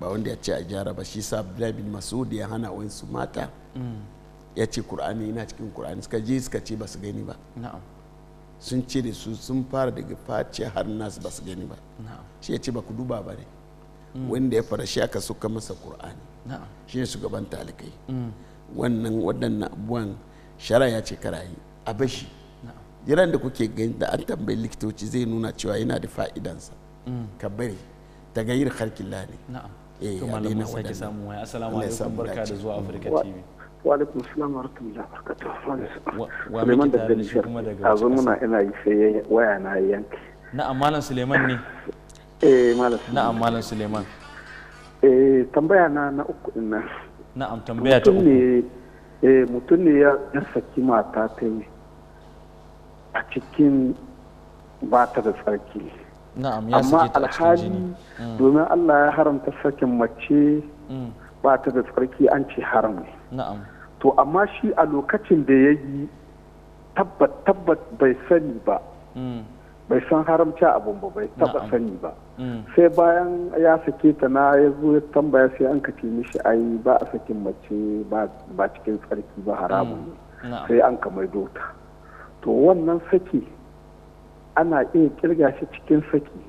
ba wanda ya ce a gyara ba shi sa abdullahi bin masud ya hana wayansu mata mm. ya ce kur'ani yana cikin kur'ani suka je suka ce ba su gani ba sun ce da su sun fara daga face har nasu ba su gani ba shi ya ce ba ku duba ba ne mm. wanda ya fara shi aka suka masa kur'ani shi ne shugaban talikai mm. wannan waɗannan abubuwan shara ya ce karayi a bashi jiran da kuke gani da an tambayi likitoci zai nuna cewa yana da fa'idansa ka bari tagayyir harkin ne na'am eh, wa rahmatullahi wa barakatuh da ina yi waya na yanki na'am malam Suleiman ne eh, na'am malam Suleiman eh, tambaya na na uku na'am tambaya ta uku mutum ne ya saki mata ta a cikin ba ta da tsarki amma alhali mm. domin Allah ya haramta sakin mace mm. ba ta da tsarki an ce haram ne to amma shi a lokacin da ya yi tabbat tabbat bai sani ba mm. bai san haramci abun ba bai taba sani ba sai bayan ya sake ta na ya zo ya tambaya sai an kace mishi ai ba a sakin mace ba cikin tsarki ba haramun sai an ka maido ta to wannan saki ana iya kirga shi cikin saki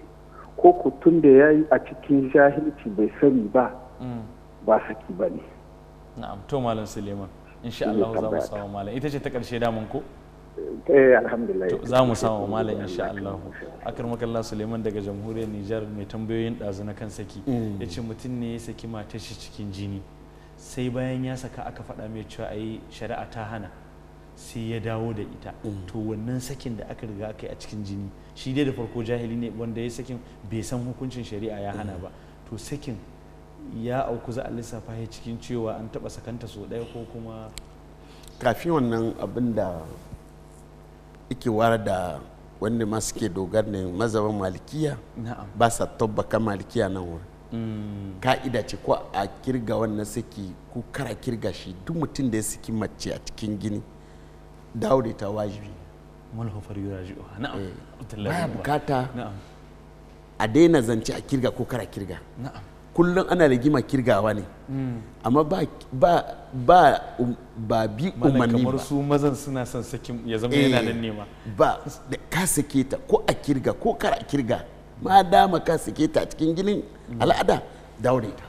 ko kutun da ya yi a cikin jahilci bai sani ba mm. ba saki ba ne na'am to malam suleiman insha Allah za mu samu malam ita ce ta karshe damun ko eh alhamdulillah za mu samu malam insha Allah akramakallah suleiman daga jamhuriyar Nijar mai tambayoyin dazu na kan saki mm. yace mutum ne ya saki matar shi cikin jini sai bayan ya saka aka faɗa mai cewa ai shari'a ta hana sai ya dawo da ita mm. to wannan sakin da aka riga aka yi a cikin jini shi dai da farko jahili ne wanda ya sakin bai san hukuncin shari'a ya hana mm. ba to sakin ya auku za a lissafa ya cikin cewa an taba sakanta so ɗaya ko kuma kafin wannan abin da ike wara da wanda ma suke dogar ne mazaban malikiya ba sa tabbaka malikiya nan wurin mm. ka'ida ce ko a kirga wannan saki ko kara kirga shi duk mutum da ya saki mace a cikin gini dawo da ita wajibi malhufar yuraji'uha na'am eh. baya bukata a daina zance a kirga ko kara kirga kullum ana rigima kirgawa ne hmm. amma ba ba ba um, bi umarni ba kamar su mazan suna son sakin ya zama yana eh. nan ne ma ba da ka sake ta ko a kirga ko kara kirga ma dama ka sake ta cikin ginin hmm. al'ada dawo da ita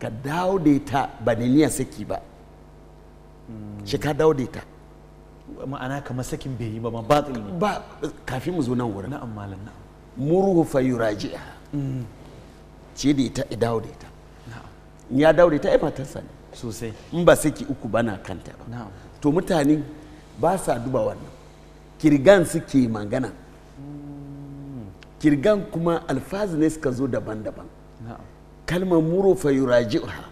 ka dawo da ita ba da niyyar saki ba Mm. shi ka dawo ta ma'ana kamar sakin bai yi ba ma batil ne ba kafin mu zo nan wurin na'am malam na'am murhu fa yuraji'a mm. ce da ita ya dawo ta na'am ya dawo ta ita ai matarsa ne sosai in ba saki uku bana kanta ba to mutane ba sa duba wannan kirgan suke magana mm. kirgan kuma alfazi ne suka zo daban-daban kalmar murhu fa yuraji'a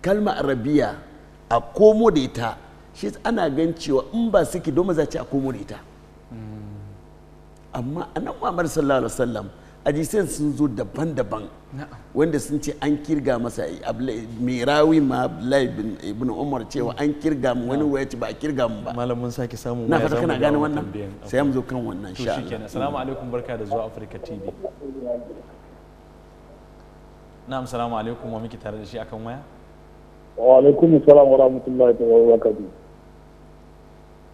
kalmar arabiya a komo da ita shi ana gan cewa in ba suke don maza ce a komo da ita amma a nan muhammad sallallahu alaihi wasallam hadisan sun zo daban-daban wanda sun ce an kirga masa mai rawi ma Abdullahi ibn Umar cewa an kirga mu wani waya ba a kirga mu ba malamin sake samu na fata kana gane wannan sai mu zo kan wannan sha Allah to shikenan assalamu alaikum barka da zuwa Africa TV na'am assalamu alaikum wa miki tare da shi akan waya wa alaikum salam wa rahmatullahi wa barakatuh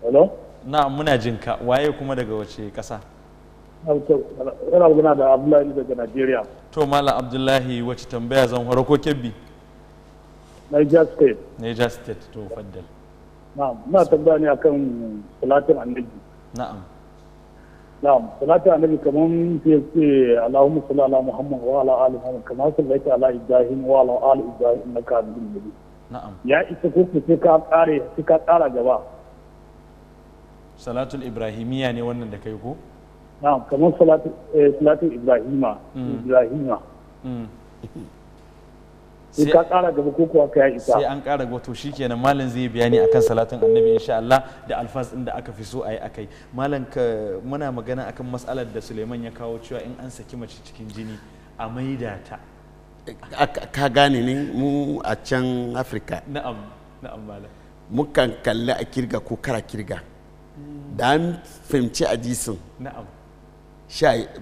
hello na muna jin ka waye kuma daga wace kasa yana magana da abdullahi daga nigeria to mala abdullahi wace tambaya zan horo ko kebbi niger state niger state to faddal na'am na tambaya ne akan salatin annabi na'am na'am salatin annabi kaman fiye allahumma salli ala muhammad wa ala ali muhammad sun sallaita ala ibrahim wa ala ali ibrahim na hamidum majid ya isa ko ku sai ka tsare sai ka tsara gaba salatul ibrahimiya ne wannan da kai ko na'am kamar salatul eh, ibrahima mm. ibrahima mm. sai ka kara gaba ko kuwa ka isa sai an kara gaba to shikenan malam zai bayani akan salatun annabi insha Allah da alfas din da aka fi so ayi akai malam ka muna magana akan mas'alar da Suleiman ya kawo cewa in an saki mace cikin jini a maida ta ka gane ne mu a can afirka na'am na'am mukan kalli a kirga ko kara kirga da an fahimci a jisun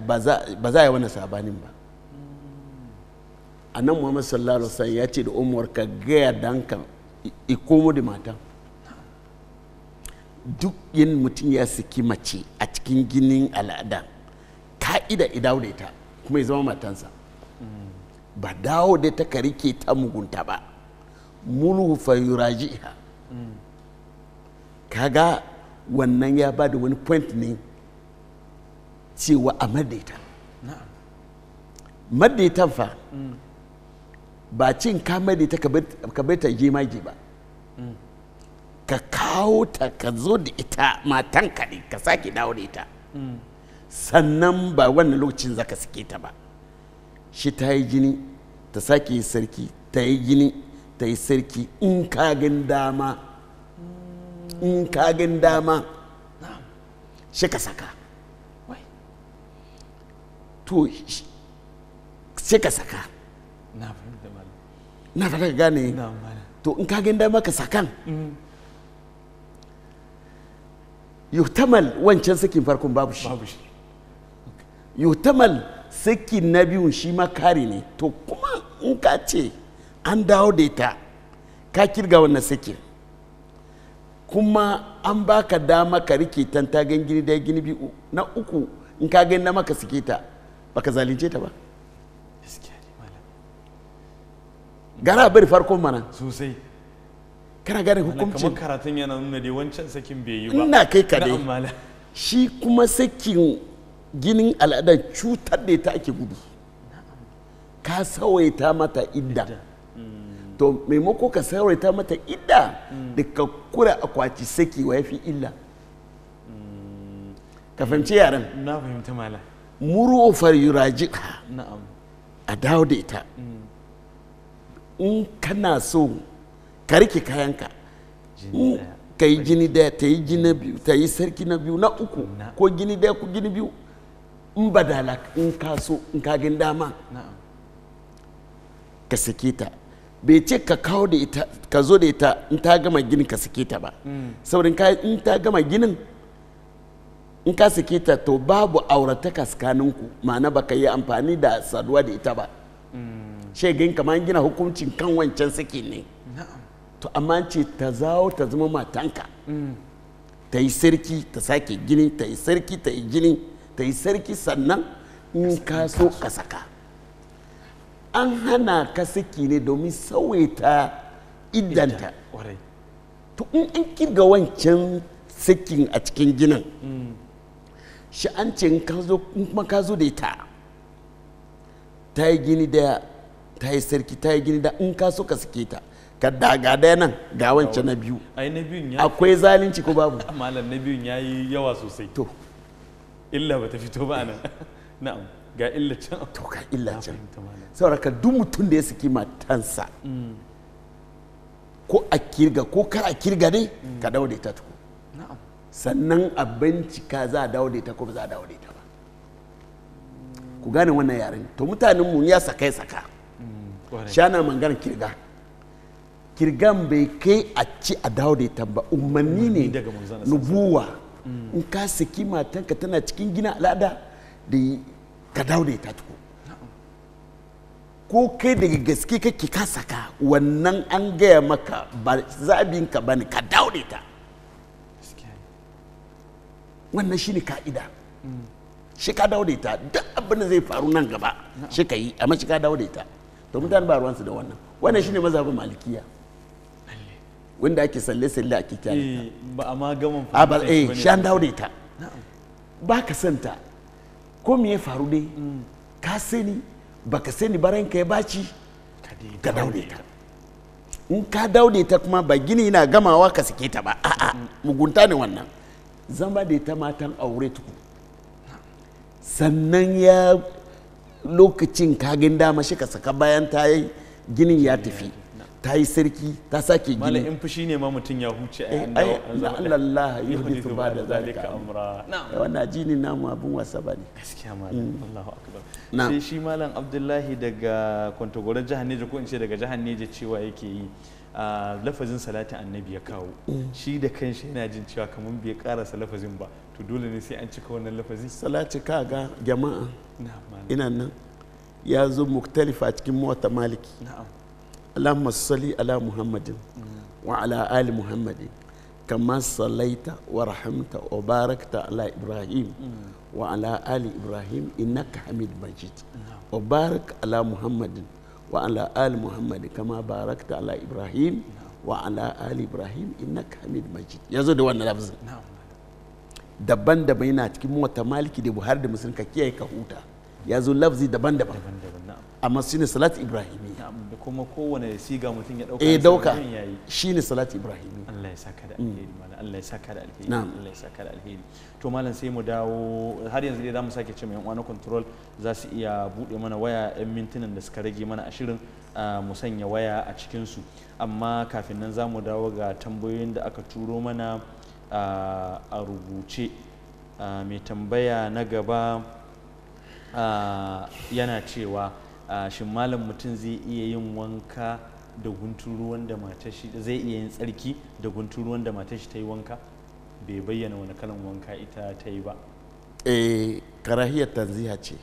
ba za a yi wani sabanin ba annan muhammad sallallahu alaihi wasallam ya ce da umar ka gaya danka ikomo da mata duk yin mutum ya saki mace a cikin ginin al'ada ka'ida idawo da ita kuma ya zama matansa ba dawo da ta karike ta mugunta ba mulhu fa yurajiha kaga wannan ya ba da wani point ne cewa a madaita madaitan fa mm. ba cin ka madaita ka bai ta jemage ba mm. ka kawo ta ka zo da ita matan ne ka sake dawo da ita mm. sannan ba wannan lokacin za ka sake ta ba shi ta yi jini ta sake sarki ta yi jini ta yi sarki in kagin dama in kagin dama shi ka saka to shi ka saka na fata ka gane to in kagin dama ka sakan mm-hmm. yuhtamal wancan sakin farkon babu shi yuhtamal saki na biyun shi ma ne to kuma in ka ce an dawo da ita ka kirga wannan sakin kuma an baka dama ka rike tanta gini da gini biyu na uku in ka gani na maka suke ta baka zalunce ta ba gara bari farkon mana sosai kana gane hukunci kamar karatun yana nuna dai wancan sakin bai yi ba ina kai ka dai shi kuma sakin ginin al'adar cutar da ta ake gudu ka ta mata idda mm. to maimako ka ta mata idda mm. da ka kura kwaci saki wa yafi illa mm. ka fahimci yaran na fahimta mala muru ofar yuraji a dawo da ita in kana so ka rike kayanka ka yi jini daya ta yi jini biyu ta yi sarki na biyu na uku ko gini daya ko gini biyu in badala in ka so in ka dama ka sake ta bai ce ka kawo da ita ka zo da ita in ta gama ginin ka sake ta ba mm. saurin ka in ta gama ginin in ka sake ta to babu aurataka tsakaninku ma'ana baka yi amfani da saduwa da ita ba mm. shegin kamar gina hukuncin kan wancan sake ne to amma ce ta zawo ta zama matanka mm. ta yi sarki ta sake gini ta yi sarki ta yi gini ta yi sarki sannan in ka so ka saka an hana ka saki ne domin sauwaita idanta to in an kirga wancan sakin a cikin ginin mm. shi an ce in kuma ka zo da ita ta yi gini daya ta yi sarki ta yi gini da in ka so ka sake ta ka daga daya nan ga wancan na biyu akwai zalunci ko babu malam na biyun ya yi yawa sosai to illa ba ta fito ba nan na'am ga illa can to ga illa can sauraka duk mutum da ya saki matansa ko a kirga ko kar a kirga ne ka dawo ta tuku tuku sannan a bincika za a dawo ta ko ba za a dawo ta ba ku gane wannan yaren to mutanen mu ya saka saka shana mangana kirga kirgan bai kai a ci a dawo da ita ba umarni ne nubuwa in ka saki matanka tana cikin gina al'ada da ka dawo ta tuko ko kai daga gaske kake ka saka wannan an gaya maka ba zabin ka bane ka dawo ta wannan shine ka'ida shi ka dawo ta duk abin da zai faru nan gaba shi ka yi amma shi ka dawo ta to mutane ba ruwansu da wannan wannan shine mazhabin malikiya wanda ake salle salle ake kyale eh, ba amma gaman fa ba eh shi an dawo da ita ba ka santa ko me ya faru dai mm. ka sani ba ka sani baran ka ya baci ka dawo da ita in ka dawo da ita kuma ba gini na gamawa ka sake ta ba a'a mm. mugunta ne wannan zama da ita matan aure tuku sannan ya lokacin kagin dama shi ka saka bayan ta yi ginin ya tafi ta yi sarki ta sake gini mala in fushi ne ma mutum ya huce a eh, yanda Allah Allah yuhdithu ba da zalika amra eh, wannan jini namu abin wasa ba ne gaskiya malam mm. Allahu akbar sai shi malam Abdullahi daga kwantagoran jihar Neja ko in ce daga jihar Neja cewa yake yi a lafazin salatin annabi ya kawo mm. shi da kanshi yana jin cewa kamar bai karasa lafazin ba to dole ne sai an cika wannan lafazin salati kaga jama'a ina nan ya zo muktalifa cikin mota maliki na'am اللهم صل على محمد وعلى آل محمد كما صليت ورحمت وباركت على إبراهيم وعلى آل إبراهيم إنك حميد مجيد وبارك على محمد وعلى آل محمد كما باركت على إبراهيم وعلى آل إبراهيم إنك حميد مجيد يزود وانا لفظ daban daban yana cikin mota maliki da buhari da musulun ka kiyaye ka huta ya zo lafzi daban daban amma shine salat ibrahimi kuma kowane siga mutum ya dauka e eh, dauka shi ne salati Ibrahim. Allah ya saka da mm. alheri malam Allah ya saka da alheri Allah ya saka da alheri to malam sai mu dawo har yanzu dai zamu sake ce mai yan uwa control za su iya bude mana waya yan mintunan da suka rage mana ashirin mu sanya waya a cikin su amma kafin nan zamu dawo ga tambayoyin da aka turo mana a rubuce mai tambaya na gaba yana cewa shin malam mutum zai iya yin wanka da guntun ruwan da matar shi zai iya yin tsarki da guntun ruwan da matar shi ta yi wanka bai bayyana wani kalan wanka ita ta yi ba eh karahiyar tanziya ce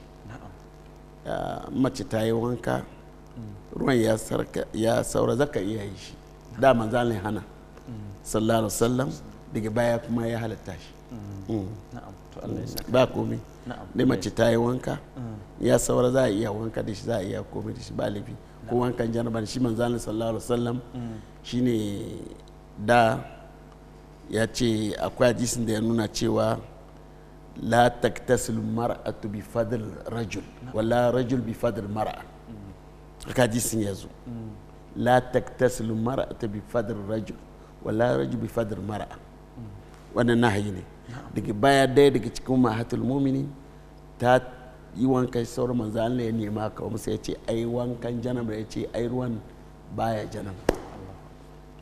mace ta yi wanka ruwan ya saura zaka iya yi shi da manzalin hana sallallahu alaihi daga baya kuma ya halatta shi mm. Mm. ba komai da mace ta yi wanka mm. ya saura za a iya wanka da shi za a iya komai da shi ba laifi ko wankan janabar shi manzana sallallahu alaihi wasallam mm. shine da ya ce akwai hadisin da ya nuna cewa la taktasilu mar'atu bi fadl rajul wala rajul bi fadl mar'a mm. haka hadisin ya zo la taktasilu mar'atu bi fadl rajul wala rajul bi fadl mar'a wannan nahayi ne daga baya daya daga cikin mahatul mumini ta yi wankan sauran manzo Allah ya nema ka musa ya ce ai wankan janaba ya ce ai ruwan baya janaba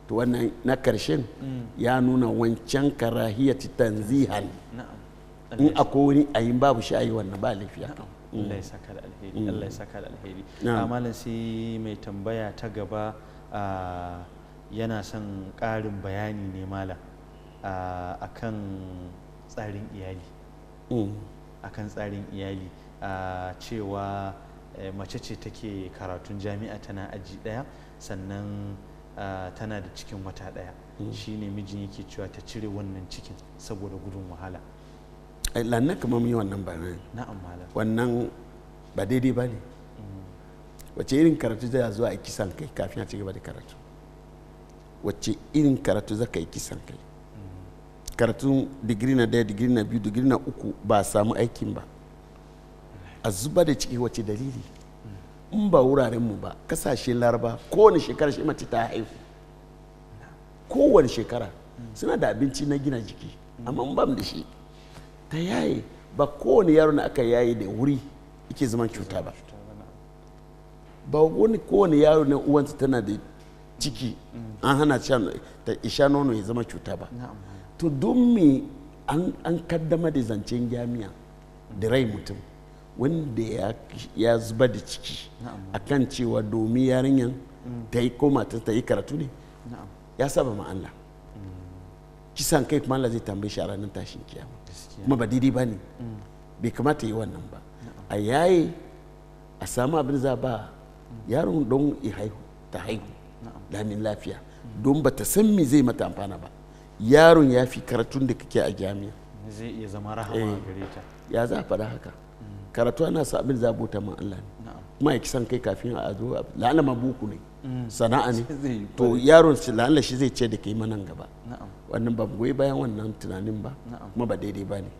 to wannan na karshen mm. ya nuna wancan karahiyat tanzihan in akwai wani ayin babu shi ayi wannan ba lafiya mm. Allah ya saka da alheri Allah ya mm. ah, sai mai tambaya ta gaba ah, yana son ƙarin bayani ne malam ah, akan tsarin iyali mm. akan tsarin iyali a cewa eh, mace ce take karatun jami'a tana aji daya sannan tana da cikin wata daya mm. shi ne mijin yake cewa ta cire wannan cikin saboda gudun wahala lannan kamar yi wannan ba ne wannan ba daidai ba ne mm. wace irin karatu zai zuwa a kisan kai kafin a ci gaba da karatu wace irin karatu za ka yi kisan kai karatun digiri na daya digiri na biyu digiri na uku ba a samu aikin ba a zuba da ciki wace dalili in ba wurarenmu ba kasashe laraba kowane shekara shi mace ta haihu kowane shekara suna da abinci na gina jiki amma in bam da shi ta yaye ba kowane yaro na aka yaye da wuri yake zama cuta ba ba wani kowane yaro na uwansa tana da ciki an hana ta isha nono ya zama cuta ba to don me an kaddama da zancen jami'a da rai mutum wanda ya zuba da ciki akan cewa domin yarinyar mm. ta yi koma ta yi karatu ne ya saba ma Allah mm. kisan kai kuma Allah zai tambaye shi a ranar tashin kiyama kuma ba daidai ba ne mm. bai kamata yi wannan ba a yaye a samu abin za ba yaron don ta haihu lamin lafiya don ba ta san me zai mata amfana ba yaron ya fi karatun da kake a jami'a zai iya zama rahama eh. gare ta ya za a faɗa haka mm. karatu ana sa abin zabo ta ma Allah ne kuma ya kisan kai kafin a zo la'ala ma buku ne mm. sana'a ne to yaron shi la'ala shi zai ce da kai manan gaba wannan ba goyi bayan wannan tunanin ba kuma ba daidai ba ne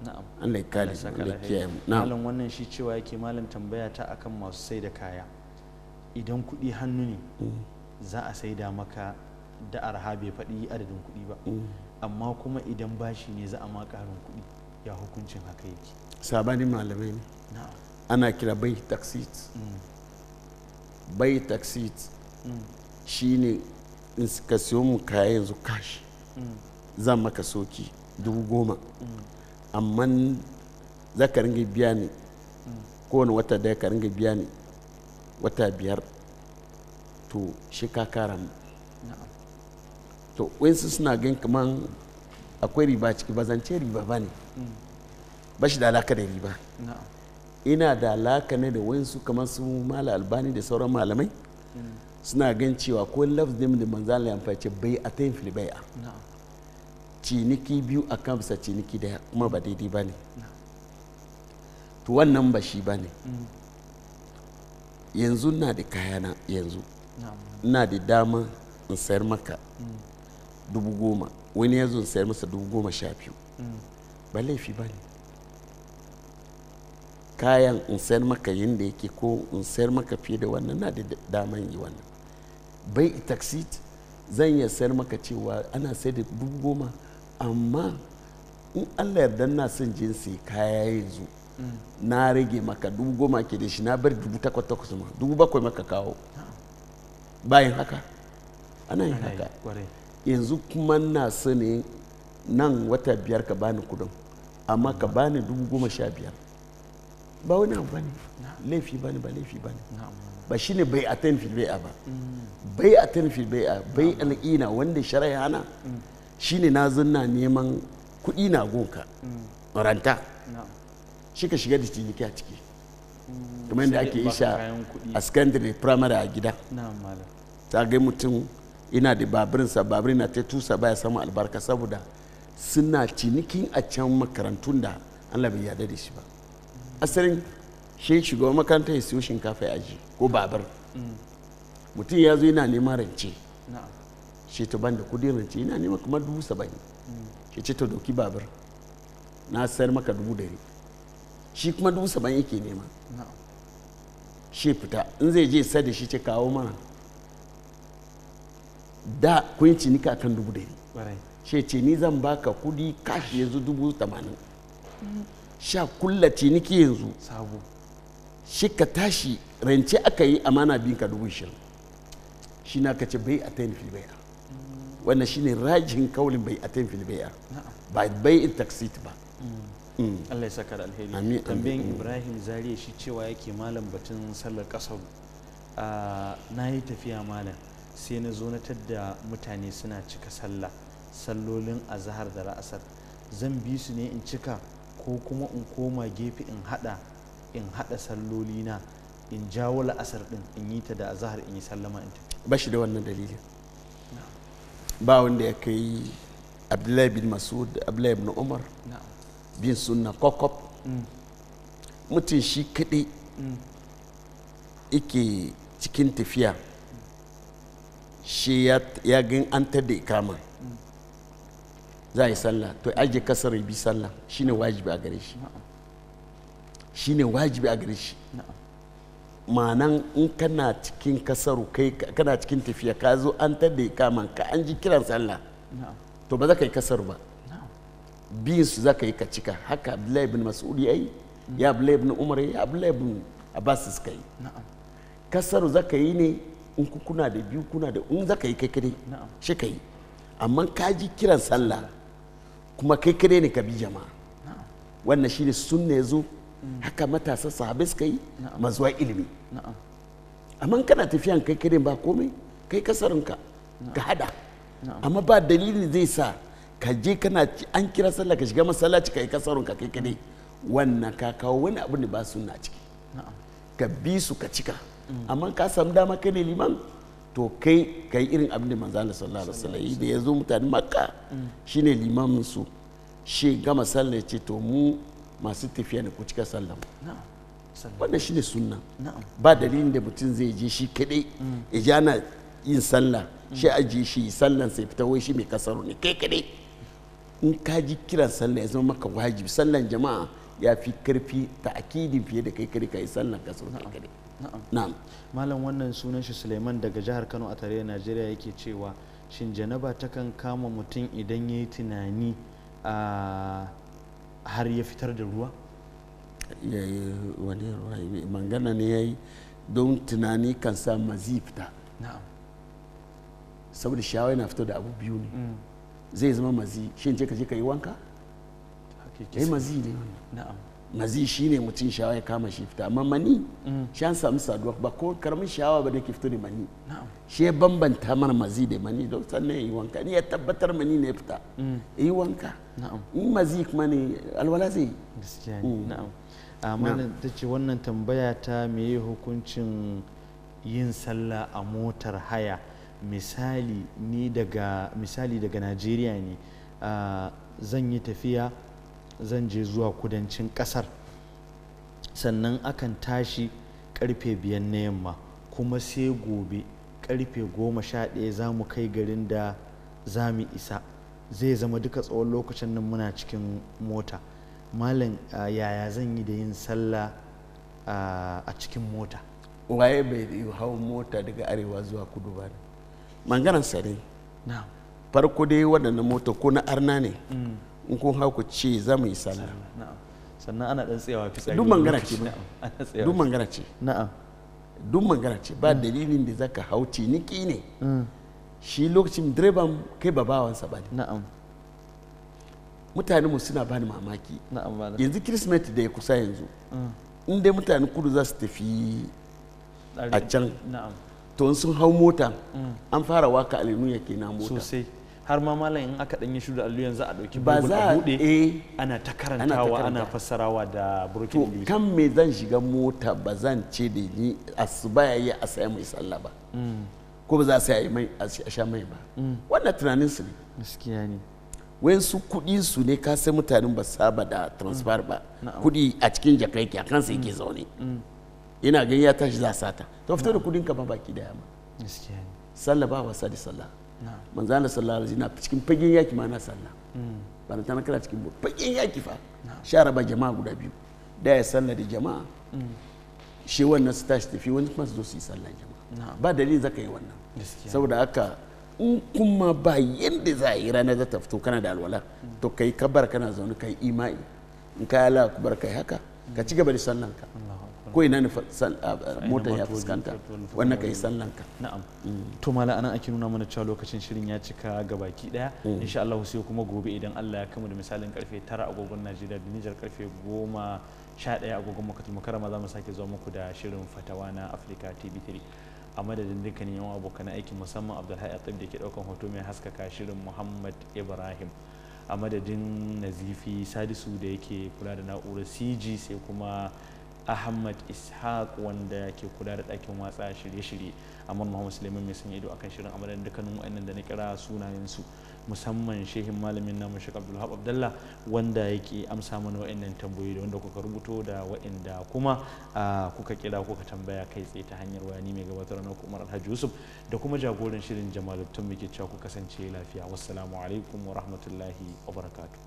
Allah ya kare mu Allah ya kiyaye mu malam wannan shi cewa yake malam tambaya ta akan masu sai da kaya idan kuɗi hannu ne mm. za a sai da maka da arha bai faɗi adadin kuɗi ba amma kuma idan bashi ne za a ma karin kuɗi ya hukuncin haka yake sabanin malamai ne ana kira bai taksit mm. bai taksit mm. shine in ka siyo mu kaya yanzu kashi mm. zan maka soki dubu goma amma za ka ringa biya ne kowane wata daya ka ringa biya ne wata biyar to shi ka kara mu to wensu suna gan kaman akwai riba ciki ba zance riba ba ne ba shi da alaka da riba ina da alaka ne da wensu kamar su mala albani da sauran malamai suna gan cewa ko lafzin da manzan ya amfani bai a ta yin a ciniki biyu a kan bisa ciniki daya kuma ba daidai ba ne to wannan ba shi ba ne mm. yanzu na da kayana yanzu na da dama in sayar maka mm. dubu goma wani ya zo sayar masa dubu goma sha biyu ba laifi ba ne kayan in sayar maka yadda yake ko in sayar maka fiye da wannan na da daman yi wannan bai taxit zan iya sayar maka cewa ana sayar da dubu goma amma in allah yarda na son jinsi kaya yanzu na rage maka dubu goma ke da shi na bar dubu takwas takwas ma dubu bakwai maka kawo bayan haka ana yin haka yanzu kuma na sani nan wata biyar ka bani kudin amma ka bani dubu goma sha biyar ba wani amfani laifi laifi ne ba laifi ne ba shine bai a tan fil bai'a ba bai a tan fil bai'a bai al'ina wanda shari'a hana shine na zanna neman kuɗi na gonka ranta shi ka shiga da ciniki a ciki kamar yadda ake isha a secondary primary a gida ta ga mutum ina da babirinsa babirin na ta tusa baya samun albarka saboda suna cinikin a can makarantun da allah bai yarda da shi ba asalin shi shugaban makaranta ya siyo shinkafa ya aji ko babir. mutum ya zo yana neman rance shi ta ban da kudin rance yana neman kamar dubu saba'in shi ce ta doki babir na sayar maka dubu dari shi kuma dubu saba'in yake nema shi fita in zai je sai da shi ce kawo mana da kun cinika kan dubu ɗari. she ce ni zan baka kudi kashi yanzu dubu tamanin sha kulla ciniki yanzu shi ka tashi rance aka yi amana bin ka dubu shirin shi na ka ce bai a fil bai'a wannan shi ne rajin kaulin bai a fil bai'a ba bai in taksit ba mm. Mm. Allah ya saka da alheri tambayin mm. Ibrahim Zariya shi cewa yake malam batun sallar kasar ah, na yi tafiya malam sai na zo na tadda mutane suna cika sallah sallolin azahar da la'asar zan bi su ne in cika ko kuma in koma gefe in hada in hada sallolina in jawo la'asar din in yi ta da azahar in yi sallama in tafi ba shi da wannan dalilin ba wanda ya kai abdullahi bin masud abdullahi bin umar bin sunna kokop mm. mutum shi kadai ike mm. cikin tafiya shi ya gan an ta da za a yi sallah to aje kasar bi sallah shine wajibi a gare shi shine wajibi a gare shi ma'anan in kana cikin kasaru kai kana cikin tafiya ka zo an ta da ka an ji kiran sallah to ba za ka yi kasar ba biyun su za ka yi ka cika haka abdullahi bin mas'udi ya yi ya abdullahi bin umar ya abdullahi bin abbas suka yi kasar za ka yi ne uku kuna da biyu kuna da in zaka yi kai kadai shi ka yi amma ka ji kiran sallah kuma kai kadai ne ka bi jama'a wannan shine sunna ya zo mm. haka matasa sahabai suka yi mazuwa ilimi amma kana tafiyan kai kadai ba komai kai kasarinka ka hada amma ba dalili zai sa ka je kana an kira sallah ka shiga masallaci ka yi kasarinka kai kadai mm. wannan ka kawo wani abu ne ba sunna ciki ka bi su ka cika Mm. amma ka samu dama kai ne liman to kai kai irin abin da manzo Allah sallallahu alaihi wasallam da ya zo makka mm. shine liman su shi gama sallah ce to mu masu tafiya ne ku cika sallah wannan shine sunna ba dalilin da mutum zai je shi kadai mm. ya ji ana yin sallah shi ajiye shi sallan sai fita wai shi mai kasaro ne kai kadai in ka ji kiran sallah ya zama maka wajibi sallan jama'a ya fi karfi ta akidin fiye da kai kare ka yi sallan kasaro kai kadai na'am malam wannan sunan shi suleiman daga jihar kano a tarayyar najeriya yake cewa shin janaba takan kama mutum idan ya yi tunani a har ya fitar da ruwa ya yi wani ruwa mangana ne ya yi don tunani kan sa mazi fita saboda shawai na fito da abu biyu ne mm. zai zama mazi shi ce ka je ka yi wanka ya yi mazi ne na'am mazi shi ne mutum shawa ya kama shi fita amma mani mm. shi an samu saduwa ba ko karamin shawa ba da ke fito da mani shi ya bambanta mana mazi da mani don sannan ya yi wanka ni ya tabbatar mani ne fita mm. ya yi wanka in mazi kuma ne alwala zai yi mm. amma ah, ta ce wannan tambaya ta yi hukuncin yin sallah a motar haya misali ni daga misali daga najeriya ne ah, zan yi tafiya zan je zuwa kudancin kasar sannan akan tashi karfe biyan na yamma kuma sai gobe karfe goma sha ɗaya za mu kai garin da za mu isa zai zama duka tsawon lokacin nan muna cikin mota malam ah, yaya zan yi da yin sallah ah, a cikin mota waye bai hau mota daga arewa zuwa kudu ba ne maganar sare farko dai waɗannan mota ko na arna ne mm. in kun hau ku ce za mu yi sana sannan ana dan tsayawa fitsari duk mangana ce duk mangana ce na'am duk mangana ce ba dalilin da zaka hau ciniki ne mm. shi lokacin direban kai ba sa ba ne na'am mutanenmu suna bani mamaki yanzu christmas da ya kusa yanzu mm. in dai mutane kudu za su tafi a can to sun hau mota mm. an fara waka alinuya ke na mota sosai har ma malam in aka yi shiru da allo yanzu a dauki ba za a bude eh, ana ta karantawa ana fassarawa da broken english kan me zan shiga mota ba zan ce da ni asuba yayi a saya mai sallah ba mm. ko ba za su yi mai a sha mai ba mm. wannan tunanin su ne gaskiya ne wayan su kudi su ne ka sai mutanen ba saba da transfer ba mm. kudi a cikin jaka yake a sai yake zaune ina ganin ya tashi za sata to fitar da kudin ka ba baki da ma gaskiya ne sallah ba wasa da sallah banza na sallah alaihi na cikin fagen yaki ma na sallah ba da tana kana cikin fagen yaki fa share ba jama'a guda biyu da sallah da jama'a shi wannan su tashi tafi wani kuma su zo su yi sallah jama'a ba dalili zaka yi wannan saboda haka in kuma ba yadda za a yi ranar za ta fito kana da alwala to kai kabar kana zaune kai imai in ka yi ala kubar kai haka ka ci gaba da sallan ka ko ina ne motar ya fuskanta wannan ka yi sallan ka na'am mm. to mala anan ake nuna mana cewa lokacin shirin ya cika ga baki daya mm. insha Allah sai kuma gobe idan Allah ya kama da misalin karfe 9 agogon Najeriya da Niger karfe 10 agogon Makatul Mukarrama za mu sake zuwa muku da shirin fatawa na Africa TV3 a madadin dukkanin yawan abokan aiki musamman Abdulhai Atib da ke daukan hoto mai haskaka shirin Muhammad Ibrahim a madadin Nazifi Sadisu da yake kula da na'urar CG sai kuma ahmad ishaq wanda yake kula da ɗakin watsa shirye-shirye amma muhammad suleiman mai sanya ido kan shirin amadan dukkanin wa'annan da na kira sunayensu musamman shehin malamin namu Abdul abdulhab abdallah wanda yake amsa mana wa'annan tambayoyi da wanda kuka rubuto da wa'anda kuma kuka kira kuka tambaya kai tsaye ta hanyar waya ni mai gabatar na umar alhaji yusuf da kuma jagoran shirin Jamaluddin muke cewa ku kasance lafiya wassalamu alaikum wa rahmatullahi wa barakatuh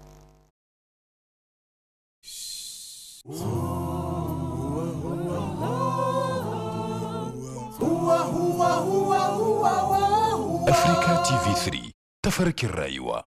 أفريكا تي في 3 تفرك الرايوه